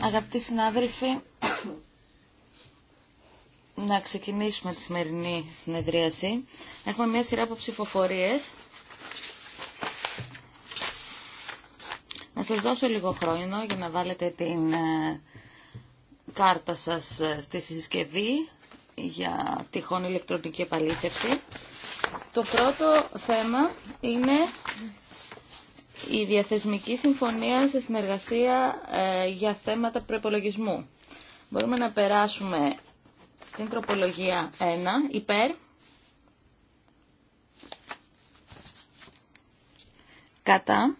Αγαπητοί συνάδελφοι, να ξεκινήσουμε τη σημερινή συνεδρίαση. Έχουμε μια σειρά από ψηφοφορίες. Να σας δώσω λίγο χρόνο για να βάλετε την ε, κάρτα σας ε, στη συσκευή για τυχόν ηλεκτρονική επαλήθευση. Το πρώτο θέμα είναι η διαθεσμική συμφωνία σε συνεργασία ε, για θέματα προπολογισμού. Μπορούμε να περάσουμε στην τροπολογία 1, υπέρ, κατά,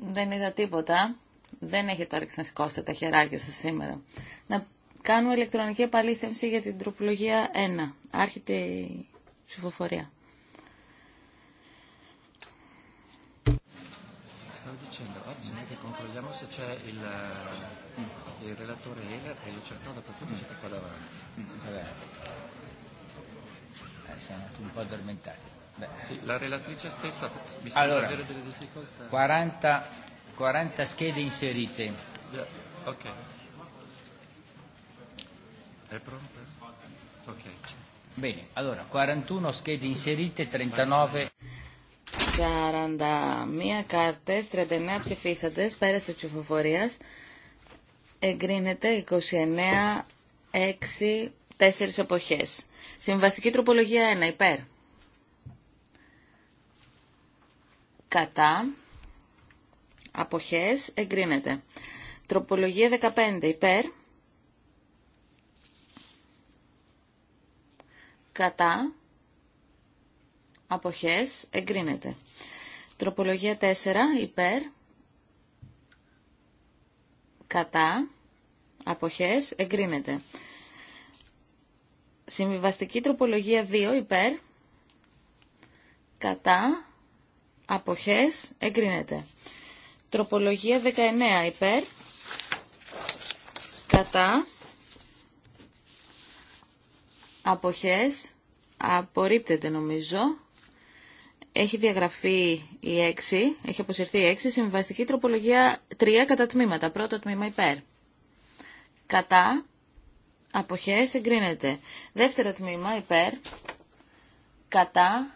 δεν είδα τίποτα, δεν έχετε όρεξη να σηκώσετε τα χεράκια σας σήμερα. Να κάνουμε ηλεκτρονική επαλήθευση για την τροπολογία 1, άρχεται η ψηφοφορία. vediamo se c'è il, il relatore Heller e lo cercava da qualcuno che qua davanti. Vabbè. Eh, siamo tutti un po' addormentati. Beh. Sì, la relatrice stessa mi sembra allora, avere delle difficoltà. 40, 40 schede inserite. Yeah. Ok. È pronta? Ok. Bene, allora 41 schede inserite, 39. 41 κάρτε, 39 ψηφίσατε, πέρασε ψηφοφορία. Εγκρίνεται 29, 6, 4 εποχέ. Συμβαστική τροπολογία 1, υπέρ. Κατά. Αποχέ, εγκρίνεται. Τροπολογία 15, υπέρ. Κατά. Αποχές εγκρίνεται. Τροπολογία 4 υπέρ. Κατά. Αποχές. Εγκρίνεται. Συμβιβαστική τροπολογία 2 υπέρ. Κατά. Αποχές. Εγκρίνεται. Τροπολογία 19 υπέρ. Κατά. Αποχές. Απορρίπτεται νομίζω έχει διαγραφεί η 6, έχει αποσυρθεί η 6, συμβαστική τροπολογία 3 κατά τμήματα. Πρώτο τμήμα υπέρ. Κατά, αποχές, εγκρίνεται. Δεύτερο τμήμα υπέρ, κατά,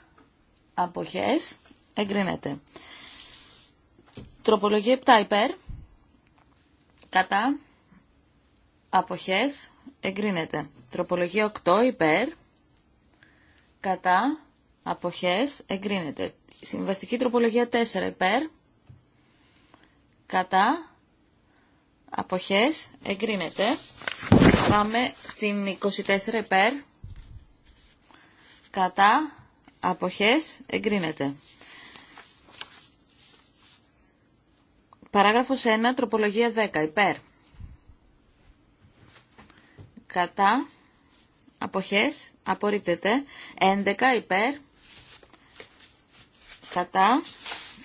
αποχές, εγκρίνεται. Τροπολογία 7 υπέρ, κατά, αποχές, εγκρίνεται. Τροπολογία 8 υπέρ, κατά, Αποχές εγκρίνεται. Συμβαστική τροπολογία 4 υπέρ. Κατά. Αποχές εγκρίνεται. Πάμε στην 24 υπέρ. Κατά. Αποχές εγκρίνεται. Παράγραφος 1, τροπολογία 10, υπέρ. Κατά, αποχές, απορρίπτεται. 11, υπέρ κατά,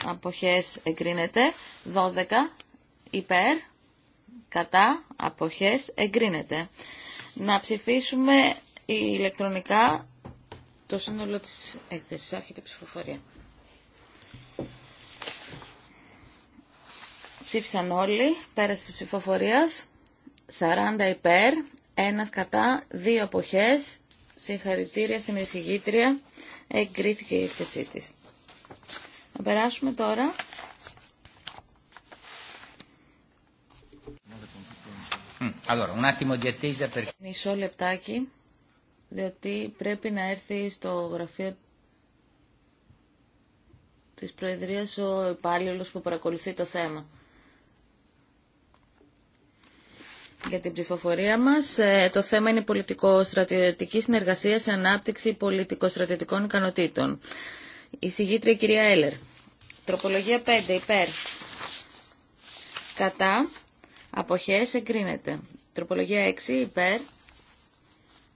αποχές εγκρίνεται, 12 υπέρ, κατά, αποχές εγκρίνεται. Να ψηφίσουμε ηλεκτρονικά το σύνολο της έκθεσης. Άρχεται ψηφοφορία. Ψήφισαν όλοι, πέρασε τη ψηφοφορίας, 40 υπέρ, 1 κατά, 2 αποχές, συγχαρητήρια στην εισηγήτρια, εγκρίθηκε η έκθεσή της. Να περάσουμε τώρα. Μισό λεπτάκι, διότι πρέπει να έρθει στο γραφείο της Προεδρίας ο υπάλληλο που παρακολουθεί το θέμα. Για την ψηφοφορία μας, ε, το θέμα είναι πολιτικο-στρατιωτική συνεργασία σε ανάπτυξη πολιτικο-στρατιωτικών ικανοτήτων. Η συγγήτρια κυρία Έλερ. Τροπολογία 5 υπέρ. Κατά. Αποχές εγκρίνεται. Τροπολογία 6 υπέρ.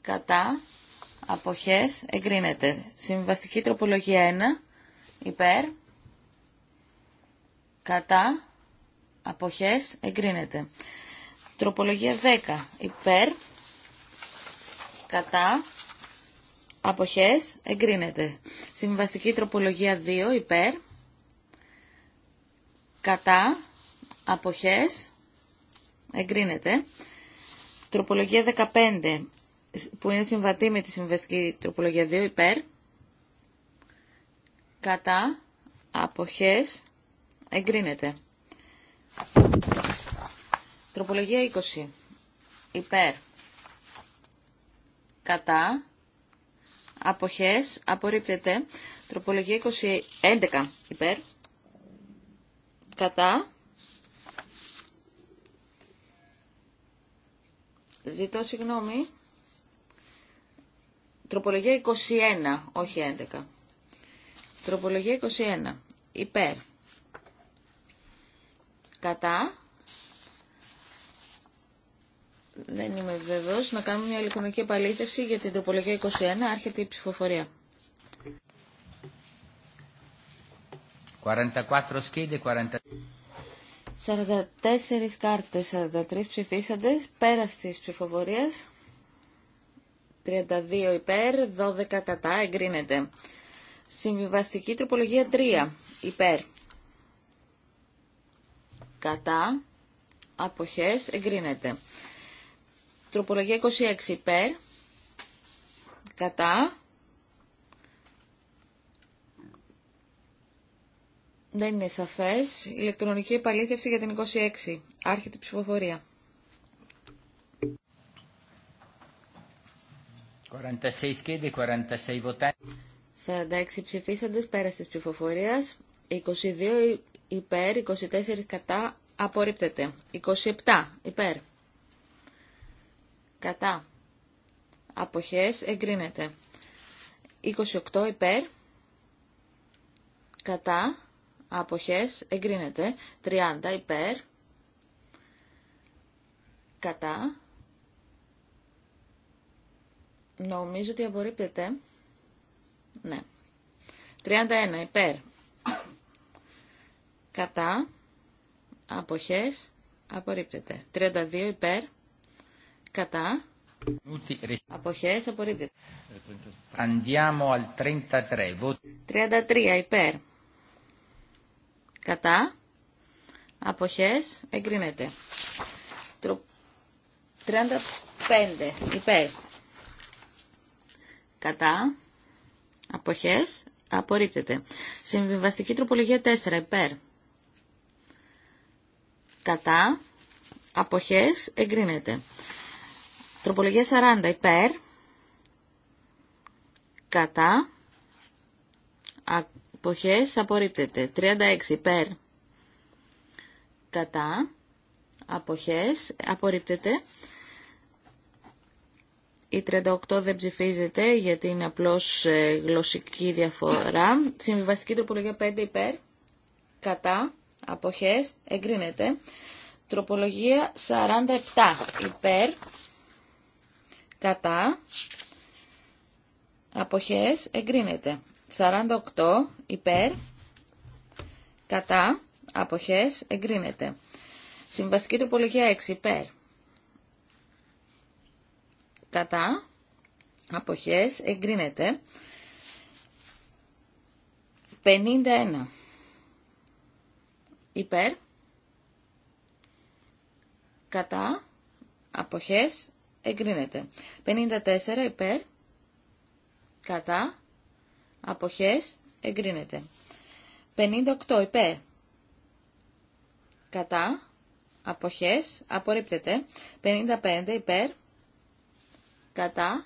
Κατά. Αποχές εγκρίνεται. Συμβαστική τροπολογία 1 υπέρ. Κατά. Αποχές εγκρίνεται. Τροπολογία 10 υπέρ. Κατά. Αποχές εγκρίνεται. Συμβαστική τροπολογία 2 υπέρ. Κατά. Αποχές εγκρίνεται. Τροπολογία 15 που είναι συμβατή με τη συμβαστική τροπολογία 2 υπέρ. Κατά. Αποχές εγκρίνεται. Τροπολογία 20 υπέρ. Κατά αποχές απορρίπτεται. Τροπολογία 21, υπέρ. Κατά. Ζητώ συγγνώμη. Τροπολογία 21, όχι 11. Τροπολογία 21. Υπέρ. Κατά δεν είμαι βέβαιος, να κάνουμε μια ηλεκτρονική επαλήθευση για την τροπολογία 21, άρχεται η ψηφοφορία. 44 κάρτε, 44 κάρτες, 43 ψηφίσαντες, Πέρας της ψηφοφορίας, 32 υπέρ, 12 κατά, εγκρίνεται. Συμβιβαστική τροπολογία 3, υπέρ. Κατά, αποχές, εγκρίνεται. Τροπολογία 26 υπέρ. Κατά. Δεν είναι σαφές. Ηλεκτρονική επαλήθευση για την 26. Άρχεται η ψηφοφορία. 46 και 46 46 ψηφίσαντες πέρας της ψηφοφορίας. 22 υπέρ, 24 κατά, απορρίπτεται. 27 υπέρ κατά αποχές εγκρίνεται. 28 υπέρ κατά αποχές εγκρίνεται. 30 υπέρ κατά νομίζω ότι απορρίπτεται. Ναι. 31 υπέρ κατά αποχές απορρίπτεται. 32 υπέρ Κατά. Αποχές απορρίπτεται. al 33. 33 υπέρ. Κατά. Αποχές εγκρίνεται. 35 υπέρ. Κατά. Αποχές απορρίπτεται. Συμβιβαστική τροπολογία 4 υπέρ. Κατά. Αποχές εγκρίνεται. Τροπολογία 40 υπέρ, κατά, αποχές απορρίπτεται. 36 υπέρ, κατά, αποχές απορρίπτεται. Η 38 δεν ψηφίζεται γιατί είναι απλώς ε, γλωσσική διαφορά. Συμβιβαστική τροπολογία 5 υπέρ, κατά, αποχές, εγκρίνεται. Τροπολογία 47 υπέρ, κατά, αποχές, εγκρίνεται. 48 υπέρ, κατά, αποχές, εγκρίνεται. Συμβαστική τροπολογία 6 υπέρ, κατά, αποχές, εγκρίνεται. 51 υπέρ, κατά, αποχές, εγκρίνεται. 54 υπέρ, κατά, αποχές, εγκρίνεται. 58 υπέρ, κατά, αποχές, απορρίπτεται. 55 υπέρ, κατά,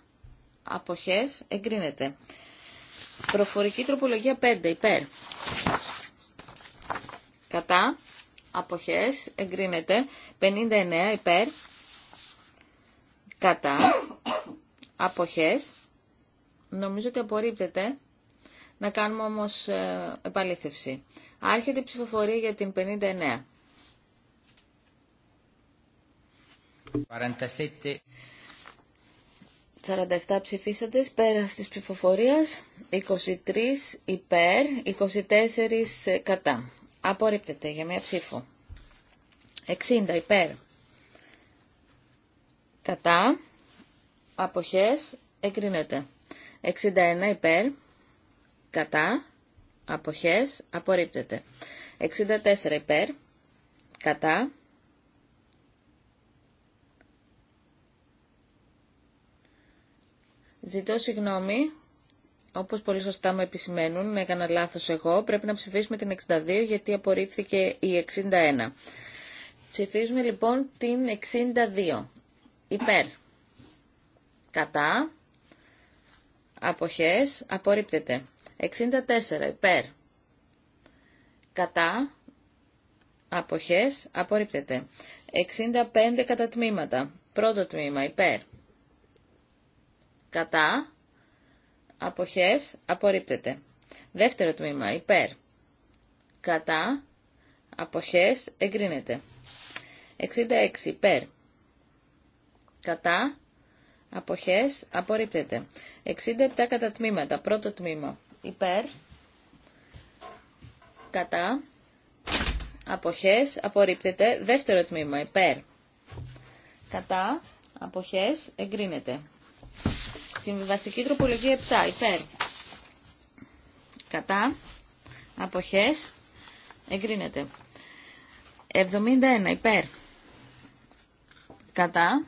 αποχές, εγκρίνεται. Προφορική τροπολογία 5 υπέρ, κατά, αποχές, εγκρίνεται. 59 υπέρ, κατά, αποχές, νομίζω ότι απορρίπτεται, να κάνουμε όμως ε, επαλήθευση. Άρχεται η ψηφοφορία για την 59. 47. 47 ψηφίσατε πέρα τη ψηφοφορία. 23 υπέρ, 24 κατά. Απορρίπτεται για μία ψήφο. 60 υπέρ κατά, αποχές, εγκρίνεται. 61 υπέρ, κατά, αποχές, απορρίπτεται. 64 υπέρ, κατά, Ζητώ συγγνώμη, όπως πολύ σωστά μου επισημαίνουν, έκανα λάθος εγώ, πρέπει να ψηφίσουμε την 62 γιατί απορρίφθηκε η 61. Ψηφίζουμε λοιπόν την 62 υπέρ, κατά, αποχές, απορρίπτεται. 64 υπέρ, κατά, αποχές, απορρίπτεται. 65 κατά τμήματα, πρώτο τμήμα υπέρ, κατά, αποχές, απορρίπτεται. Δεύτερο τμήμα υπέρ, κατά, αποχές, εγκρίνεται. 66 υπέρ, κατά, αποχές, απορρίπτεται. 67 κατά τμήματα, πρώτο τμήμα, υπέρ, κατά, αποχές, απορρίπτεται. Δεύτερο τμήμα, υπέρ, κατά, αποχές, εγκρίνεται. Συμβιβαστική τροπολογία 7, υπέρ, κατά, αποχές, εγκρίνεται. 71 υπέρ, κατά,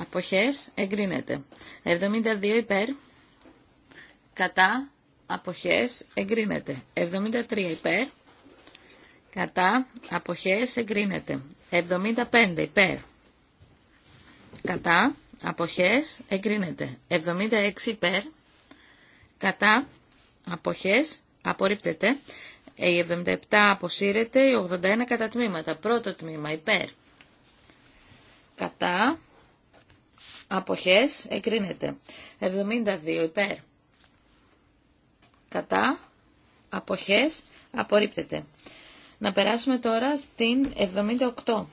αποχές εγκρίνεται. 72 υπέρ, κατά, αποχές εγκρίνεται. 73 υπέρ, κατά, αποχές εγκρίνεται. 75 υπέρ, κατά, αποχές εγκρίνεται. 76 υπέρ, κατά, αποχές απορρίπτεται. Η 77 αποσύρεται, η 81 κατά τμήματα. Πρώτο τμήμα υπέρ. Κατά, Αποχές εκρίνεται 72 υπέρ. Κατά. Αποχές απορρίπτεται. Να περάσουμε τώρα στην 78.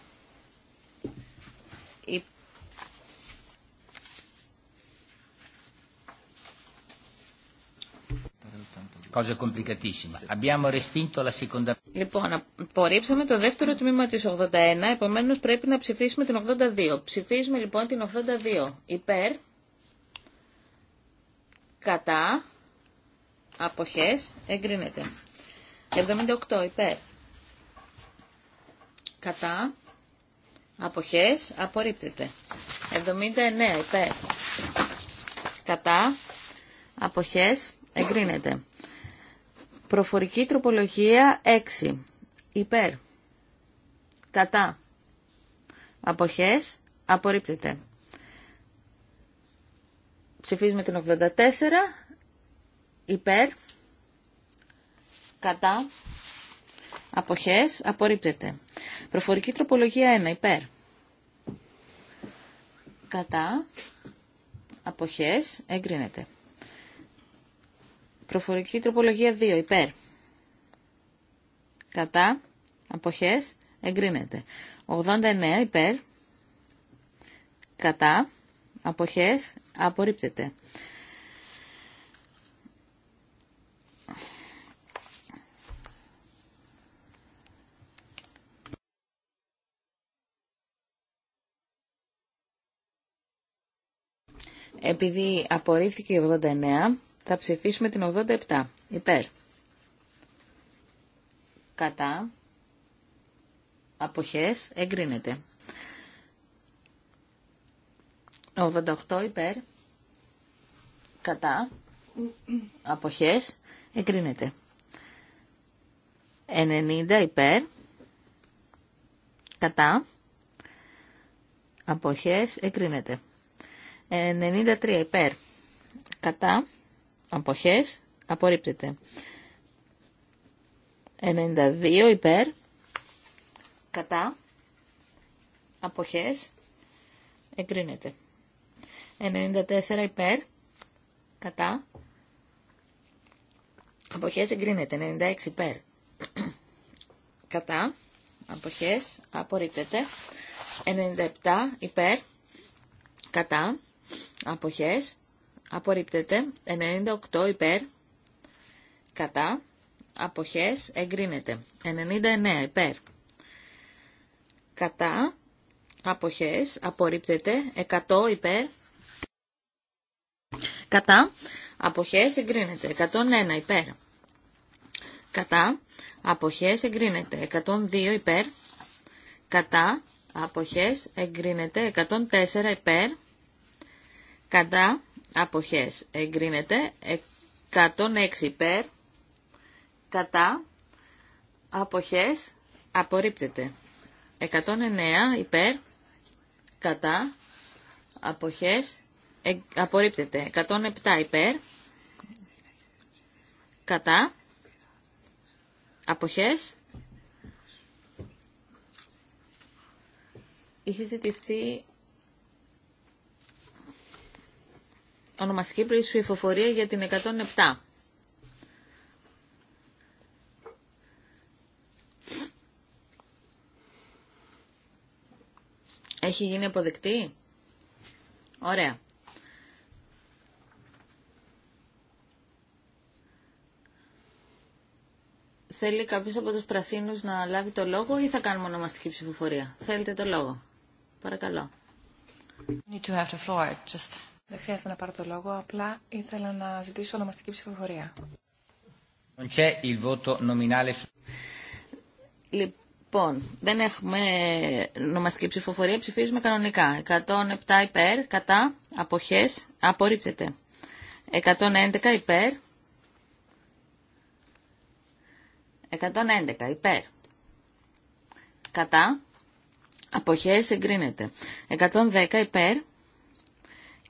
Λοιπόν, απορρίψαμε το δεύτερο τμήμα τη 81, επομένω πρέπει να ψηφίσουμε την 82. Ψηφίζουμε λοιπόν την 82. Υπέρ, κατά, αποχές, εγκρίνεται. 78. Υπέρ, κατά, απόχέ, απορρίπτεται. 79. Υπέρ, κατά, απόχέ, εγκρίνεται. Προφορική τροπολογία 6. Υπέρ. Κατά. Αποχές. Απορρίπτεται. Ψηφίζουμε την 84. Υπέρ. Κατά. Αποχές. Απορρίπτεται. Προφορική τροπολογία 1. Υπέρ. Κατά. Αποχές. Εγκρίνεται. Προφορική τροπολογία 2 υπέρ. Κατά. Αποχές. Εγκρίνεται. 89 υπέρ. Κατά. Αποχές. Απορρίπτεται. Επειδή απορρίφθηκε η 89, θα ψηφίσουμε την 87. Υπέρ. Κατά. Αποχές. Εγκρίνεται. 88 υπέρ. Κατά. Αποχές. Εγκρίνεται. 90 υπέρ. Κατά. Αποχές. Εγκρίνεται. 93 υπέρ. Κατά αποχές απορρίπτεται. 92 υπέρ, κατά, αποχές, εγκρίνεται. 94 υπέρ, κατά, αποχές εγκρίνεται. 96 υπέρ, κατά, αποχές απορρίπτεται. 97 υπέρ, κατά, αποχές απορρίπτεται. 98 υπέρ, κατά, αποχές, εγκρίνεται. 99 υπέρ, κατά, αποχές, απορρίπτεται. 100 υπέρ, κατά, αποχές, εγκρίνεται. 101 υπέρ, κατά, αποχές, εγκρίνεται. 102 υπέρ, κατά, αποχές, εγκρίνεται. 104 υπέρ, κατά, αποχές εγκρίνεται 106 υπέρ κατά αποχές απορρίπτεται 109 υπέρ κατά αποχές ε, απορρίπτεται 107 υπέρ κατά αποχές είχε ζητηθεί ονομαστική ψηφοφορία για την 107. Έχει γίνει αποδεκτή. Ωραία. Θέλει κάποιος από τους πρασίνους να λάβει το λόγο ή θα κάνουμε ονομαστική ψηφοφορία. Θέλετε το λόγο. Παρακαλώ. need to have the floor. Δεν χρειάζεται να πάρω το λόγο, απλά ήθελα να ζητήσω ονομαστική ψηφοφορία. Λοιπόν, δεν έχουμε ονομαστική ψηφοφορία, ψηφίζουμε κανονικά. 107 υπέρ, κατά, αποχές, απορρίπτεται. 111 υπέρ. 111 υπέρ. Κατά. Αποχές εγκρίνεται. 110 υπέρ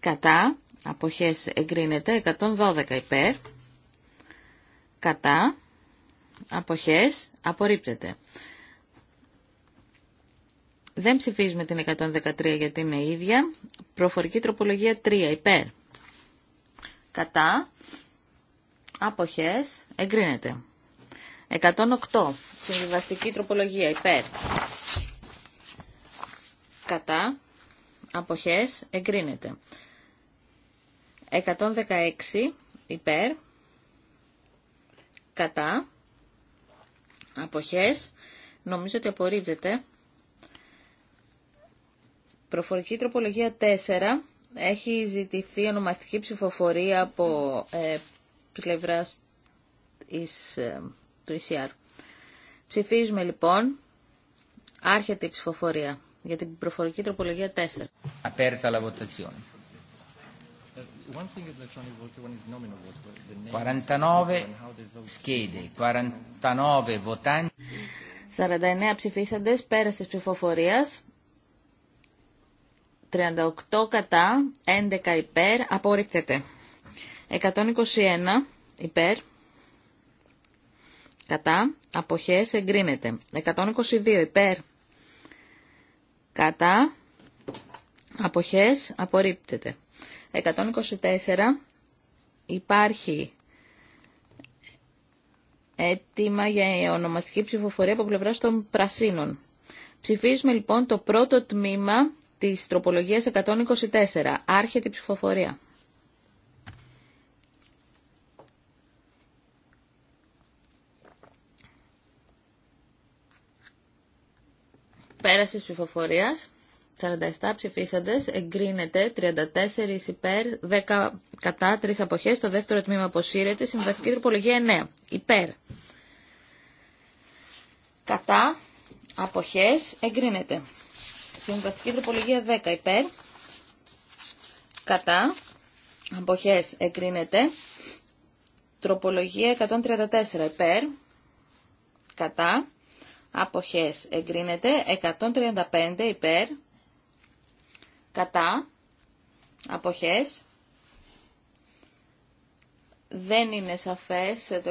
κατά, αποχές εγκρίνεται, 112 υπέρ, κατά, αποχές απορρίπτεται. Δεν ψηφίζουμε την 113 γιατί είναι ίδια. Προφορική τροπολογία 3 υπέρ. Κατά. Αποχές. Εγκρίνεται. 108. Συμβιβαστική τροπολογία υπέρ. Κατά. Αποχές. Εγκρίνεται. 116 υπέρ, κατά, αποχές, νομίζω ότι απορρίπτεται. Προφορική τροπολογία 4 έχει ζητηθεί ονομαστική ψηφοφορία από ε, πλευράς ε, του ECR. Ψηφίζουμε λοιπόν, άρχεται η ψηφοφορία για την προφορική τροπολογία 4. Απέρτα la votazione. 49 schede, 49 votanti. 49 ψηφίσαντες, πέρας της ψηφοφορίας, 38 κατά, 11 υπέρ, απορρίπτεται. 121 υπέρ, κατά, αποχές, εγκρίνεται. 122 υπέρ, κατά, αποχές, απορρίπτεται. 124 υπάρχει αίτημα για ονομαστική ψηφοφορία από πλευρά των πρασίνων. Ψηφίζουμε λοιπόν το πρώτο τμήμα της τροπολογίας 124. Άρχεται η ψηφοφορία. Πέραση ψηφοφορίας. 47 ψηφίσαντε, εγκρίνεται 34 υπέρ, 10 κατά, 3 απόχέ. το δεύτερο τμήμα αποσύρεται, συμβαστική τροπολογία 9, υπέρ. Κατά, απόχέ, εγκρίνεται. Συμβαστική τροπολογία 10, υπέρ. Κατά, Αποχέ. εγκρίνεται. Τροπολογία 134, υπέρ. Κατά, αποχές, εγκρίνεται. 135, υπέρ κατά, αποχές. Δεν είναι σαφές το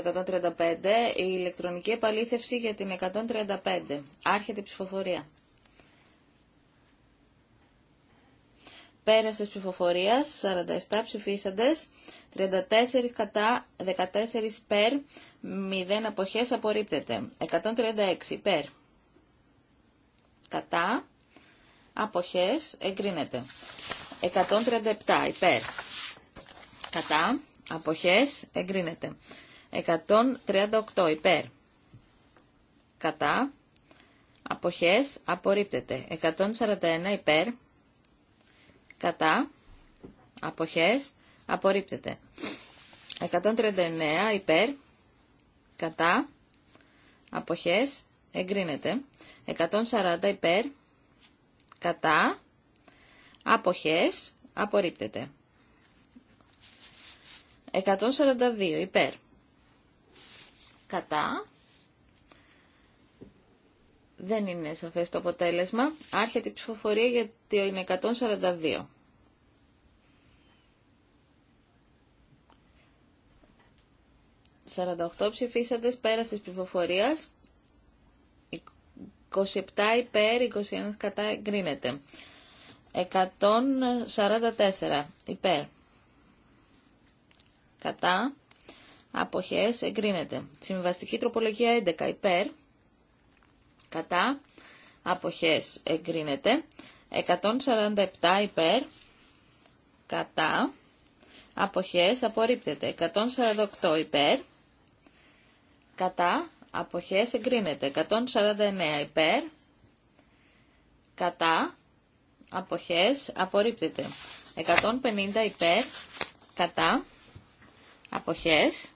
135, η ηλεκτρονική επαλήθευση για την 135. Άρχεται η ψηφοφορία. Πέρασες ψηφοφορίας, 47 ψηφίσαντες, 34 κατά, 14 περ 0 αποχές απορρίπτεται. 136 περ Κατά, αποχές εγκρίνεται. 137 υπέρ κατά αποχές εγκρίνεται. 138 υπέρ κατά αποχές απορρίπτεται. 141 υπέρ κατά αποχές απορρίπτεται. 139 υπέρ κατά αποχές εγκρίνεται. 140 υπέρ κατά, αποχές, απορρίπτεται. 142 υπέρ, κατά, δεν είναι σαφές το αποτέλεσμα, άρχεται η ψηφοφορία γιατί είναι 142. «48 ψηφίσαντες πέρα της ψηφοφορίας» 27 υπέρ, 21 κατά εγκρίνεται. 144 υπέρ. Κατά. Αποχές εγκρίνεται. Συμβαστική τροπολογία 11 υπέρ. Κατά. Αποχές εγκρίνεται. 147 υπέρ. Κατά. Αποχές απορρίπτεται. 148 υπέρ. Κατά αποχές εγκρίνεται. 149 υπέρ, κατά, αποχές απορρίπτεται. 150 υπέρ, κατά, αποχές.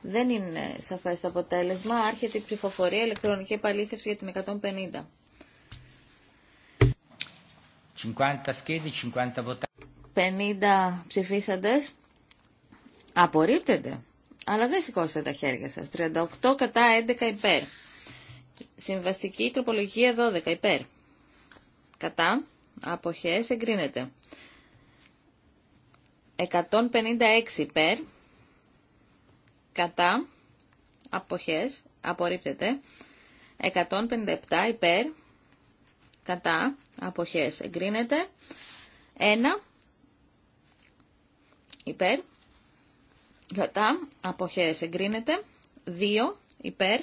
Δεν είναι σαφές το αποτέλεσμα. Άρχεται η ψηφοφορία ηλεκτρονική επαλήθευση για την 150. 50 σκέδι, 50 ψηφίσαντες. Απορρίπτεται. Αλλά δεν σηκώσετε τα χέρια σας. 38 κατά 11 υπέρ. Συμβαστική τροπολογία 12 υπέρ. Κατά. Αποχές εγκρίνεται. 156 υπέρ. Κατά. Αποχές απορρίπτεται. 157 υπέρ. Κατά. Αποχές εγκρίνεται. 1 υπέρ κατά αποχές εγκρίνεται 2 υπέρ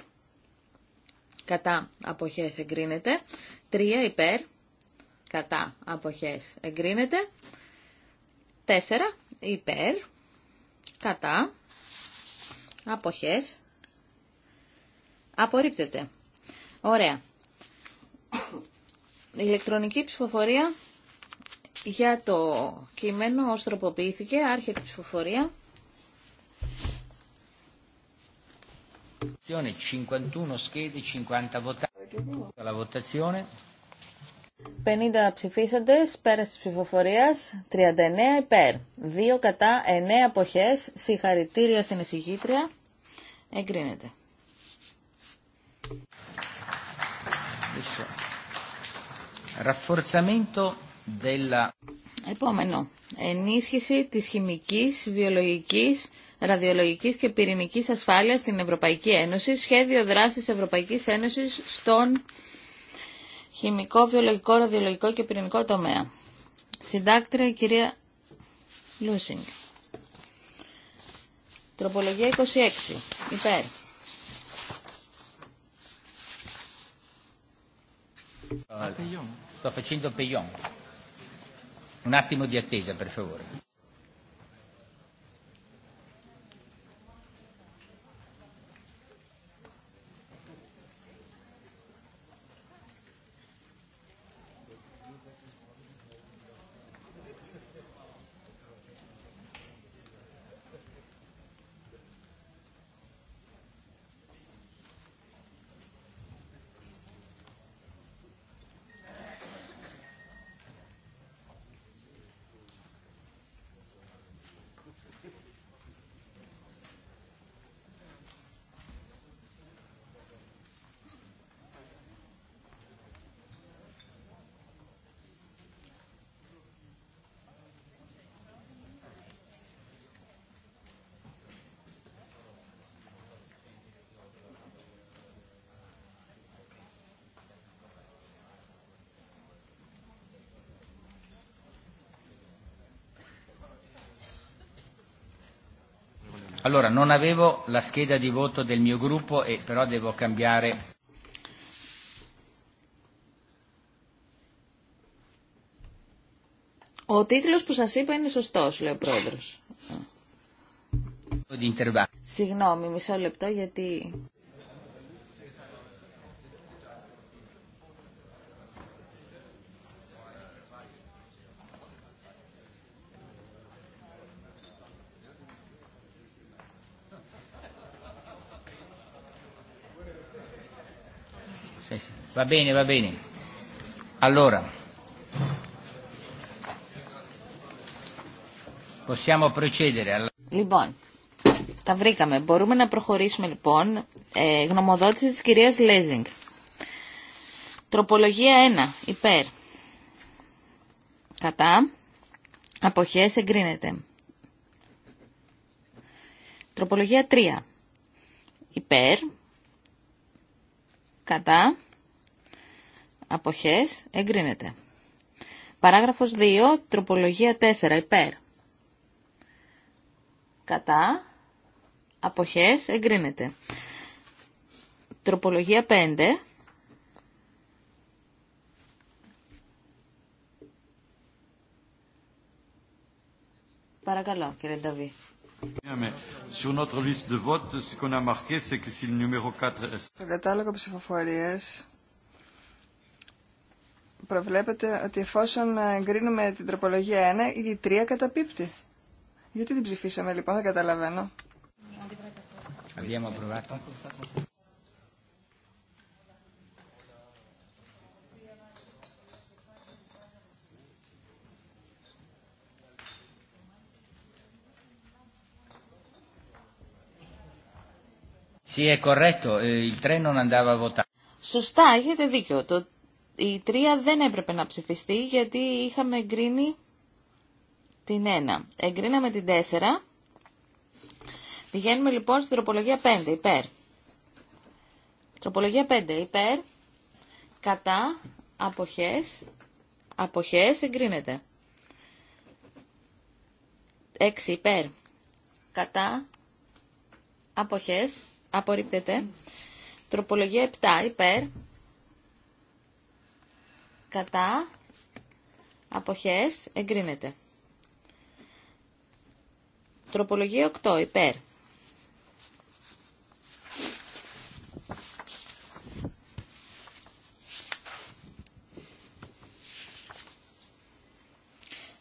κατά αποχές εγκρίνεται 3 υπέρ κατά αποχές εγκρίνεται 4 υπέρ κατά αποχές απορρίπτεται ωραία ηλεκτρονική ψηφοφορία για το κείμενο ως τροποποιήθηκε άρχεται ψηφοφορία 50 votanti. πέρα votazione. 50 39 υπέρ, 2 κατά, 9 αποχές, συγχαρητήρια στην εισηγήτρια, εγκρίνεται. Επόμενο. Ενίσχυση της χημικής, βιολογικής, ραδιολογικής και πυρηνικής ασφάλειας στην Ευρωπαϊκή Ένωση. Σχέδιο δράσης Ευρωπαϊκής Ένωσης στον χημικό, βιολογικό, ραδιολογικό και πυρηνικό τομέα. Συντάκτρια η κυρία Λούσινγκ. Τροπολογία 26. Υπέρ. Un attimo di attesa, per favore. Ο τίτλος που σας είπα είναι σωστός, λέει ο πρόεδρος. Συγγνώμη, μισό λεπτό γιατί... Va bene, va bene. Allora, possiamo procedere. Λοιπόν, τα βρήκαμε. Μπορούμε να προχωρήσουμε λοιπόν. Ε, γνωμοδότηση της κυρίας Λέζινγκ. Τροπολογία 1. Υπέρ. Κατά. Αποχές εγκρίνεται. Τροπολογία 3. Υπέρ κατά, αποχές, εγκρίνεται. Παράγραφος 2, τροπολογία 4, υπέρ. Κατά, αποχές, εγκρίνεται. Τροπολογία 5, Παρακαλώ, κύριε Νταβί. Στον κατάλογο ψηφοφορίε προβλέπετε ότι εφόσον εγκρίνουμε την τροπολογία 1, η 3 καταπίπτει. Γιατί την ψηφίσαμε λοιπόν, δεν καταλαβαίνω. Eh, Σωστά, έχετε δίκιο. Το, η τρία δεν έπρεπε να ψηφιστεί γιατί είχαμε εγκρίνει την 1. Εγκρίναμε την 4. Πηγαίνουμε λοιπόν στην τροπολογία 5, υπέρ. Τροπολογία 5, υπέρ. Κατά, αποχές, αποχές, εγκρίνεται. 6, υπέρ. Κατά, αποχές, απορρίπτεται. Τροπολογία 7 υπέρ. Κατά. Αποχές εγκρίνεται. Τροπολογία 8 υπέρ.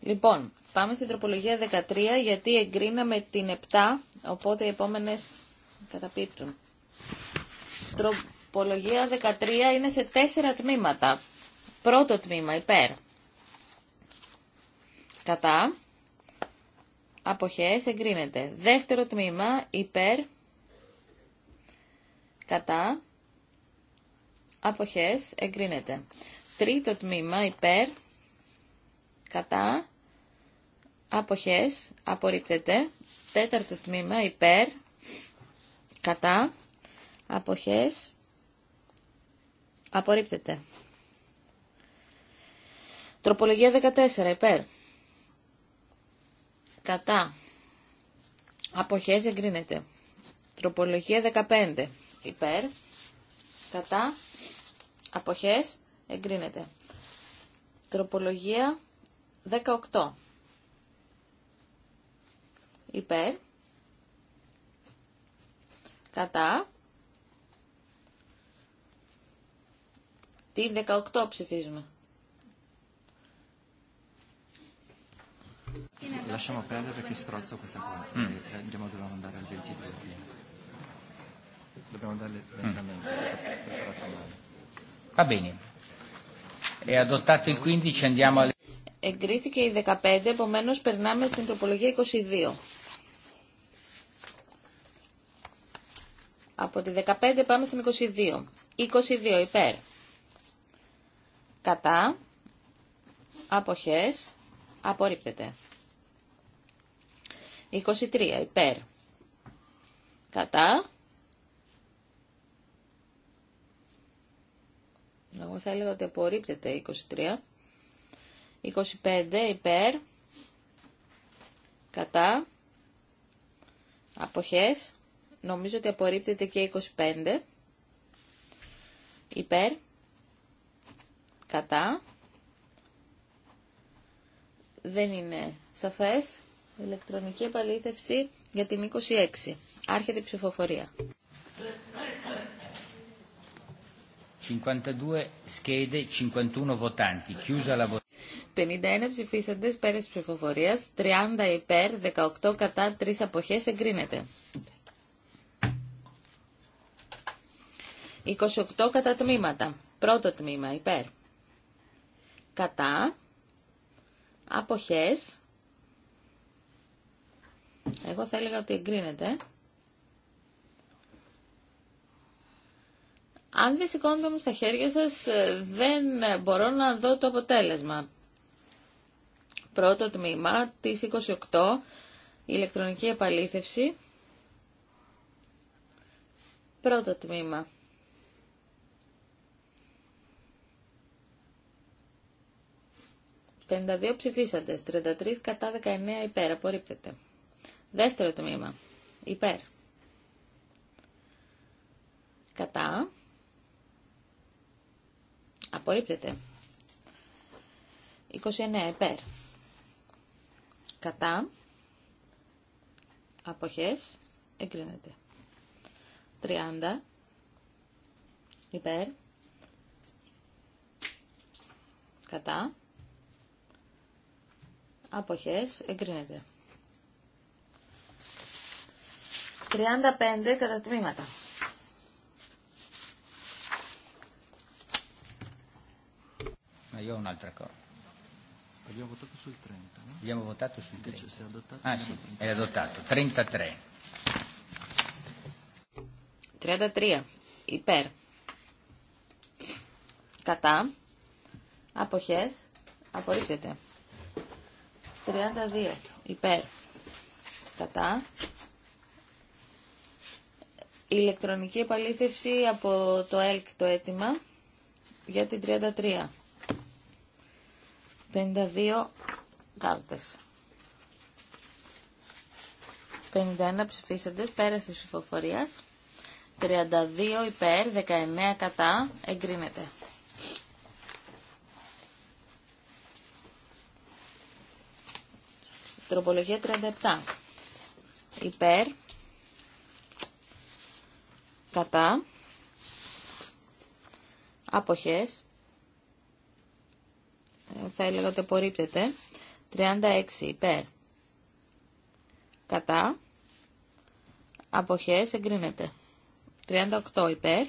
Λοιπόν, πάμε στην τροπολογία 13 γιατί εγκρίναμε την 7, οπότε οι επόμενες καταπίπτουν. Τροπολογία 13 είναι σε τέσσερα τμήματα. Πρώτο τμήμα υπέρ. Κατά. Αποχές εγκρίνεται. Δεύτερο τμήμα υπέρ. Κατά. Αποχές εγκρίνεται. Τρίτο τμήμα υπέρ. Κατά. Αποχές απορρίπτεται. Τέταρτο τμήμα υπέρ κατά, αποχές, απορρίπτεται. Τροπολογία 14, υπέρ, κατά, αποχές, εγκρίνεται. Τροπολογία 15, υπέρ, κατά, αποχές, εγκρίνεται. Τροπολογία 18, υπέρ, Κατά. Την 18 ψηφίζουμε. Lasciamo perdere perché strozzo questa cosa. Mm. Andiamo dobbiamo andare al 22 Dobbiamo andare lentamente. Mm. Va bene. È adottato il 15, andiamo alle... Εγκρίθηκε η 15, επομένω περνάμε στην τροπολογία 22. Από τη 15 πάμε στην 22. 22 υπέρ. Κατά. Αποχές. Απορρίπτεται. 23 υπέρ. Κατά. Εγώ θα έλεγα ότι απορρίπτεται 23. 25 υπέρ. Κατά. Αποχές νομίζω ότι απορρίπτεται και 25. Υπέρ. Κατά. Δεν είναι σαφές. Ηλεκτρονική επαλήθευση για την 26. Άρχεται η ψηφοφορία. 52 51 votanti. Chiusa la 51 ψηφίσαντες πέρας ψηφοφορίας, 30 υπέρ, 18 κατά, 3 αποχές εγκρίνεται. 28 κατά τμήματα. Πρώτο τμήμα υπέρ. Κατά. Αποχές. Εγώ θα έλεγα ότι εγκρίνεται. Αν δεν σηκώνετε όμως τα χέρια σας, ε, δεν μπορώ να δω το αποτέλεσμα. Πρώτο τμήμα της 28, ηλεκτρονική επαλήθευση. Πρώτο τμήμα. 52 ψηφίσαντες, 33 κατά 19 υπέρ, απορρίπτεται. Δεύτερο τμήμα, υπέρ. Κατά. Απορρίπτεται. 29 υπέρ. Κατά. Αποχές. Εγκρίνεται. 30 υπέρ. Κατά αποχές εγκρίνεται. 35 κατά τμήματα. Ma io ho un'altra cosa. Abbiamo votato sul 30. No? Abbiamo votato sul 30. Invece, adottato, ah sì, è adottato. 33. 33. Υπέρ. Κατά. Αποχές. Απορρίπτεται. 32 υπέρ κατά ηλεκτρονική επαλήθευση από το ΕΛΚ το αίτημα για την 33 52 κάρτες 51 ψηφίσαντες πέρασε της ψηφοφορίας 32 υπέρ 19 κατά εγκρίνεται Τροπολογία 37. Υπέρ. Κατά. Αποχές. Ε, θα έλεγα ότι απορρίπτεται. 36. Υπέρ. Κατά. Αποχές εγκρίνεται. 38 υπέρ.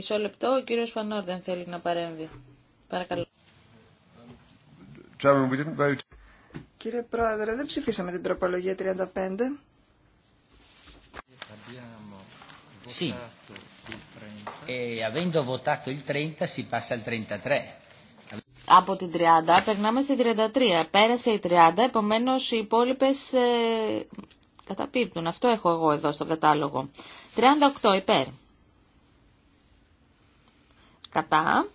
Μισό λεπτό, ο κύριος δεν θέλει να παρέμβει. Παρακαλώ. Κύριε Πρόεδρε, δεν ψηφίσαμε την τροπολογία 35. Sì, e 30 33. Από την 30 περνάμε στην 33. Πέρασε η 30, επομένω οι υπόλοιπε ε, καταπίπτουν. Αυτό έχω εγώ εδώ στο κατάλογο. 38 υπέρ κατά,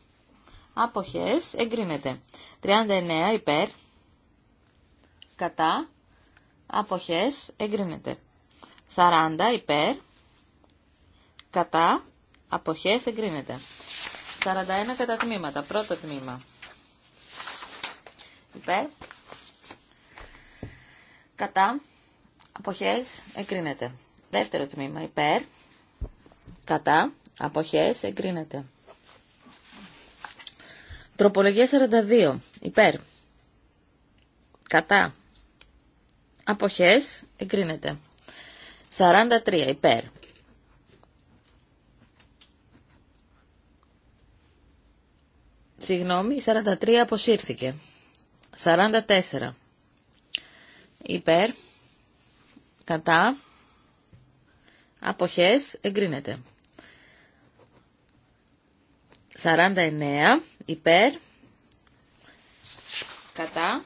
αποχές, εγκρίνεται. 39 υπέρ, κατά, αποχές, εγκρίνεται. 40 υπέρ, κατά, αποχές, εγκρίνεται. 41 κατά τμήματα, πρώτο τμήμα. Υπέρ, κατά, αποχές, εγκρίνεται. Δεύτερο τμήμα, υπέρ, κατά, αποχές, εγκρίνεται. Τροπολογία 42. Υπέρ. Κατά. Αποχές. Εγκρίνεται. 43. Υπέρ. Συγγνώμη, 43 αποσύρθηκε. 44. Υπέρ. Κατά. Αποχές. Εγκρίνεται. 49 υπέρ, κατά,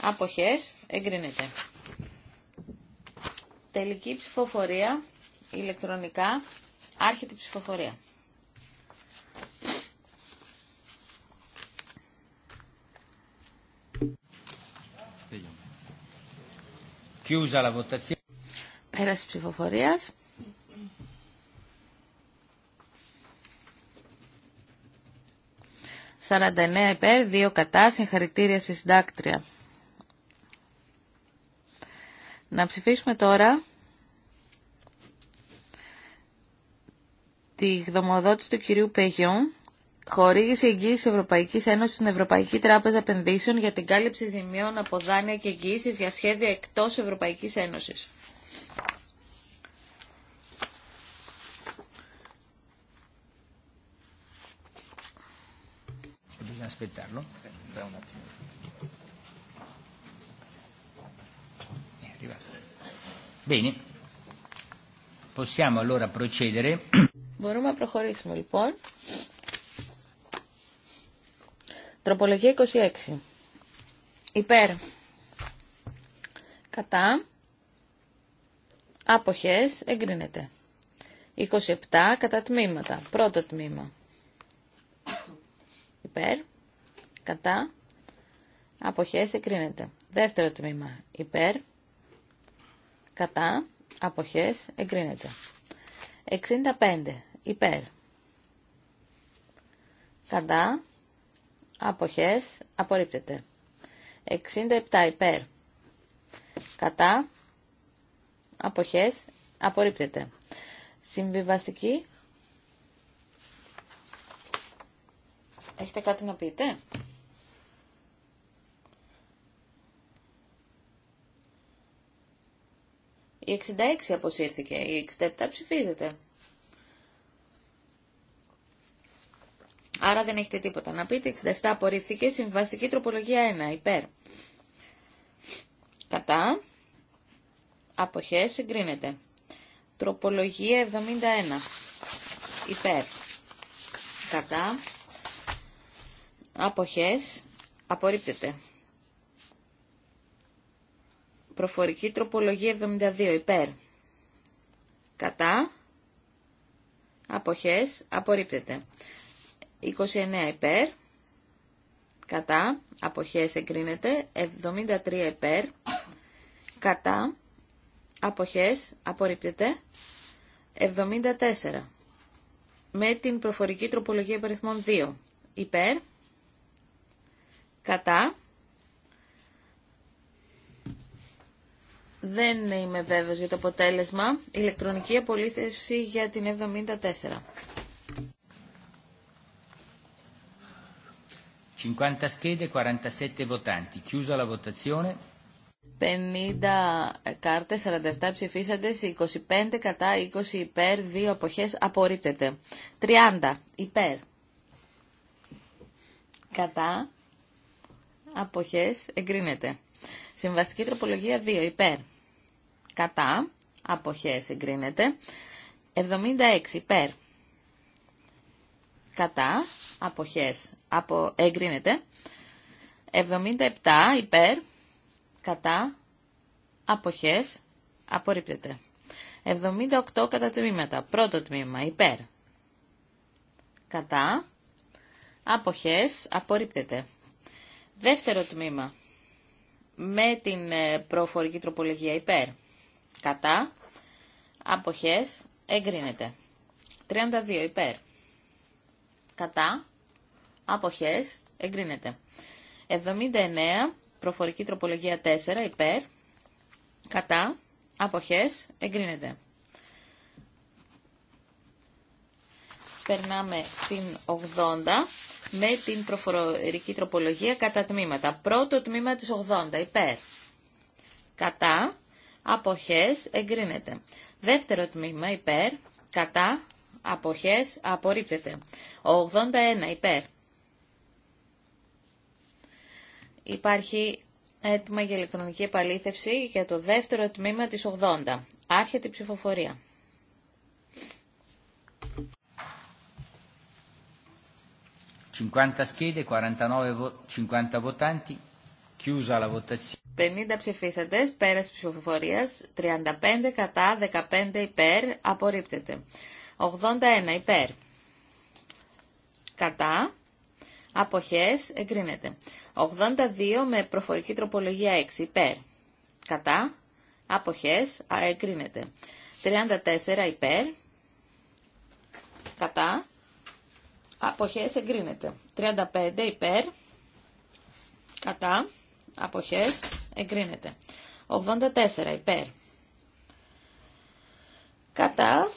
αποχές, εγκρίνεται. Τελική ψηφοφορία, ηλεκτρονικά, άρχεται η ψηφοφορία. Πέραση ψηφοφορία. 49 υπέρ, 2 κατά, συγχαρητήρια στη συντάκτρια. Να ψηφίσουμε τώρα τη γνωμοδότηση του κυρίου Πεγιών, χορήγηση εγγύηση Ευρωπαϊκή Ένωση στην Ευρωπαϊκή Τράπεζα Επενδύσεων για την κάλυψη ζημιών από δάνεια και εγγύησει για σχέδια εκτό Ευρωπαϊκή Ένωση. aspettarlo Bene. Ε, Possiamo allora procedere. Μπορούμε να προχωρήσουμε λοιπόν. Τροπολογία 26. Υπέρ. Κατά. Άποχες. Εγκρίνεται. 27 κατά τμήματα. Πρώτο τμήμα. Υπέρ. Κατά. Αποχές εγκρίνεται. Δεύτερο τμήμα. Υπέρ. Κατά. Αποχές εγκρίνεται. 65. Υπέρ. Κατά. Αποχές απορρίπτεται. 67. Υπέρ. Κατά. Αποχές απορρίπτεται. Συμβιβαστική. Έχετε κάτι να πείτε. Η 66 αποσύρθηκε, η 67 ψηφίζεται. Άρα δεν έχετε τίποτα να πείτε. 67 απορρίφθηκε, συμβαστική τροπολογία 1, υπέρ. Κατά. Αποχές συγκρίνεται. Τροπολογία 71. Υπέρ. Κατά. Αποχές απορρίπτεται. Προφορική τροπολογία 72 υπέρ. Κατά. Αποχές. Απορρίπτεται. 29 υπέρ. Κατά. Αποχές εγκρίνεται. 73 υπέρ. Κατά. Αποχές. Απορρίπτεται. 74. Με την προφορική τροπολογία αριθμών 2. Υπέρ. Κατά. Δεν είμαι βέβαιος για το αποτέλεσμα. Ηλεκτρονική απολύθευση για την 74. 50 σκέδες 47 50 κάρτες, 47 ψηφίσατε, 25 κατά, 20 υπέρ, 2 αποχές, απορρίπτεται. 30 υπέρ, κατά, αποχές, εγκρίνεται. Συμβαστική τροπολογία 2 υπέρ. Κατά. Αποχές εγκρίνεται. 76 υπέρ. Κατά. Αποχές απο, εγκρίνεται. 77 υπέρ. Κατά. Αποχές απορρίπτεται. 78 κατά τμήματα. Πρώτο τμήμα υπέρ. Κατά. Αποχές απορρίπτεται. Δεύτερο τμήμα με την ε, προφορική τροπολογία υπέρ. Κατά. Αποχές. Εγκρίνεται. 32 υπέρ. Κατά. Αποχές. Εγκρίνεται. 79. Προφορική τροπολογία 4 υπέρ. Κατά. Αποχές. Εγκρίνεται. Περνάμε στην 80 με την προφορική τροπολογία κατά τμήματα. Πρώτο τμήμα της 80 υπέρ. Κατά αποχές εγκρίνεται. Δεύτερο τμήμα υπέρ. Κατά αποχές απορρίπτεται. 81 υπέρ. Υπάρχει έτοιμα για ηλεκτρονική επαλήθευση για το δεύτερο τμήμα της 80. Άρχεται η ψηφοφορία. 50 schede, 49 50 votanti, chiusa la votazione. 50 ψηφίσαντες, πέρας ψηφοφορίας, 35 κατά, 15 υπέρ, απορρίπτεται. 81 υπέρ, κατά, αποχές, εγκρίνεται. 82 με προφορική τροπολογία 6 υπέρ, κατά, αποχές, εγκρίνεται. 34 υπέρ, κατά, Αποχές εγκρίνεται. 35 υπέρ. Κατά. Αποχές εγκρίνεται. 84 υπέρ. Κατά.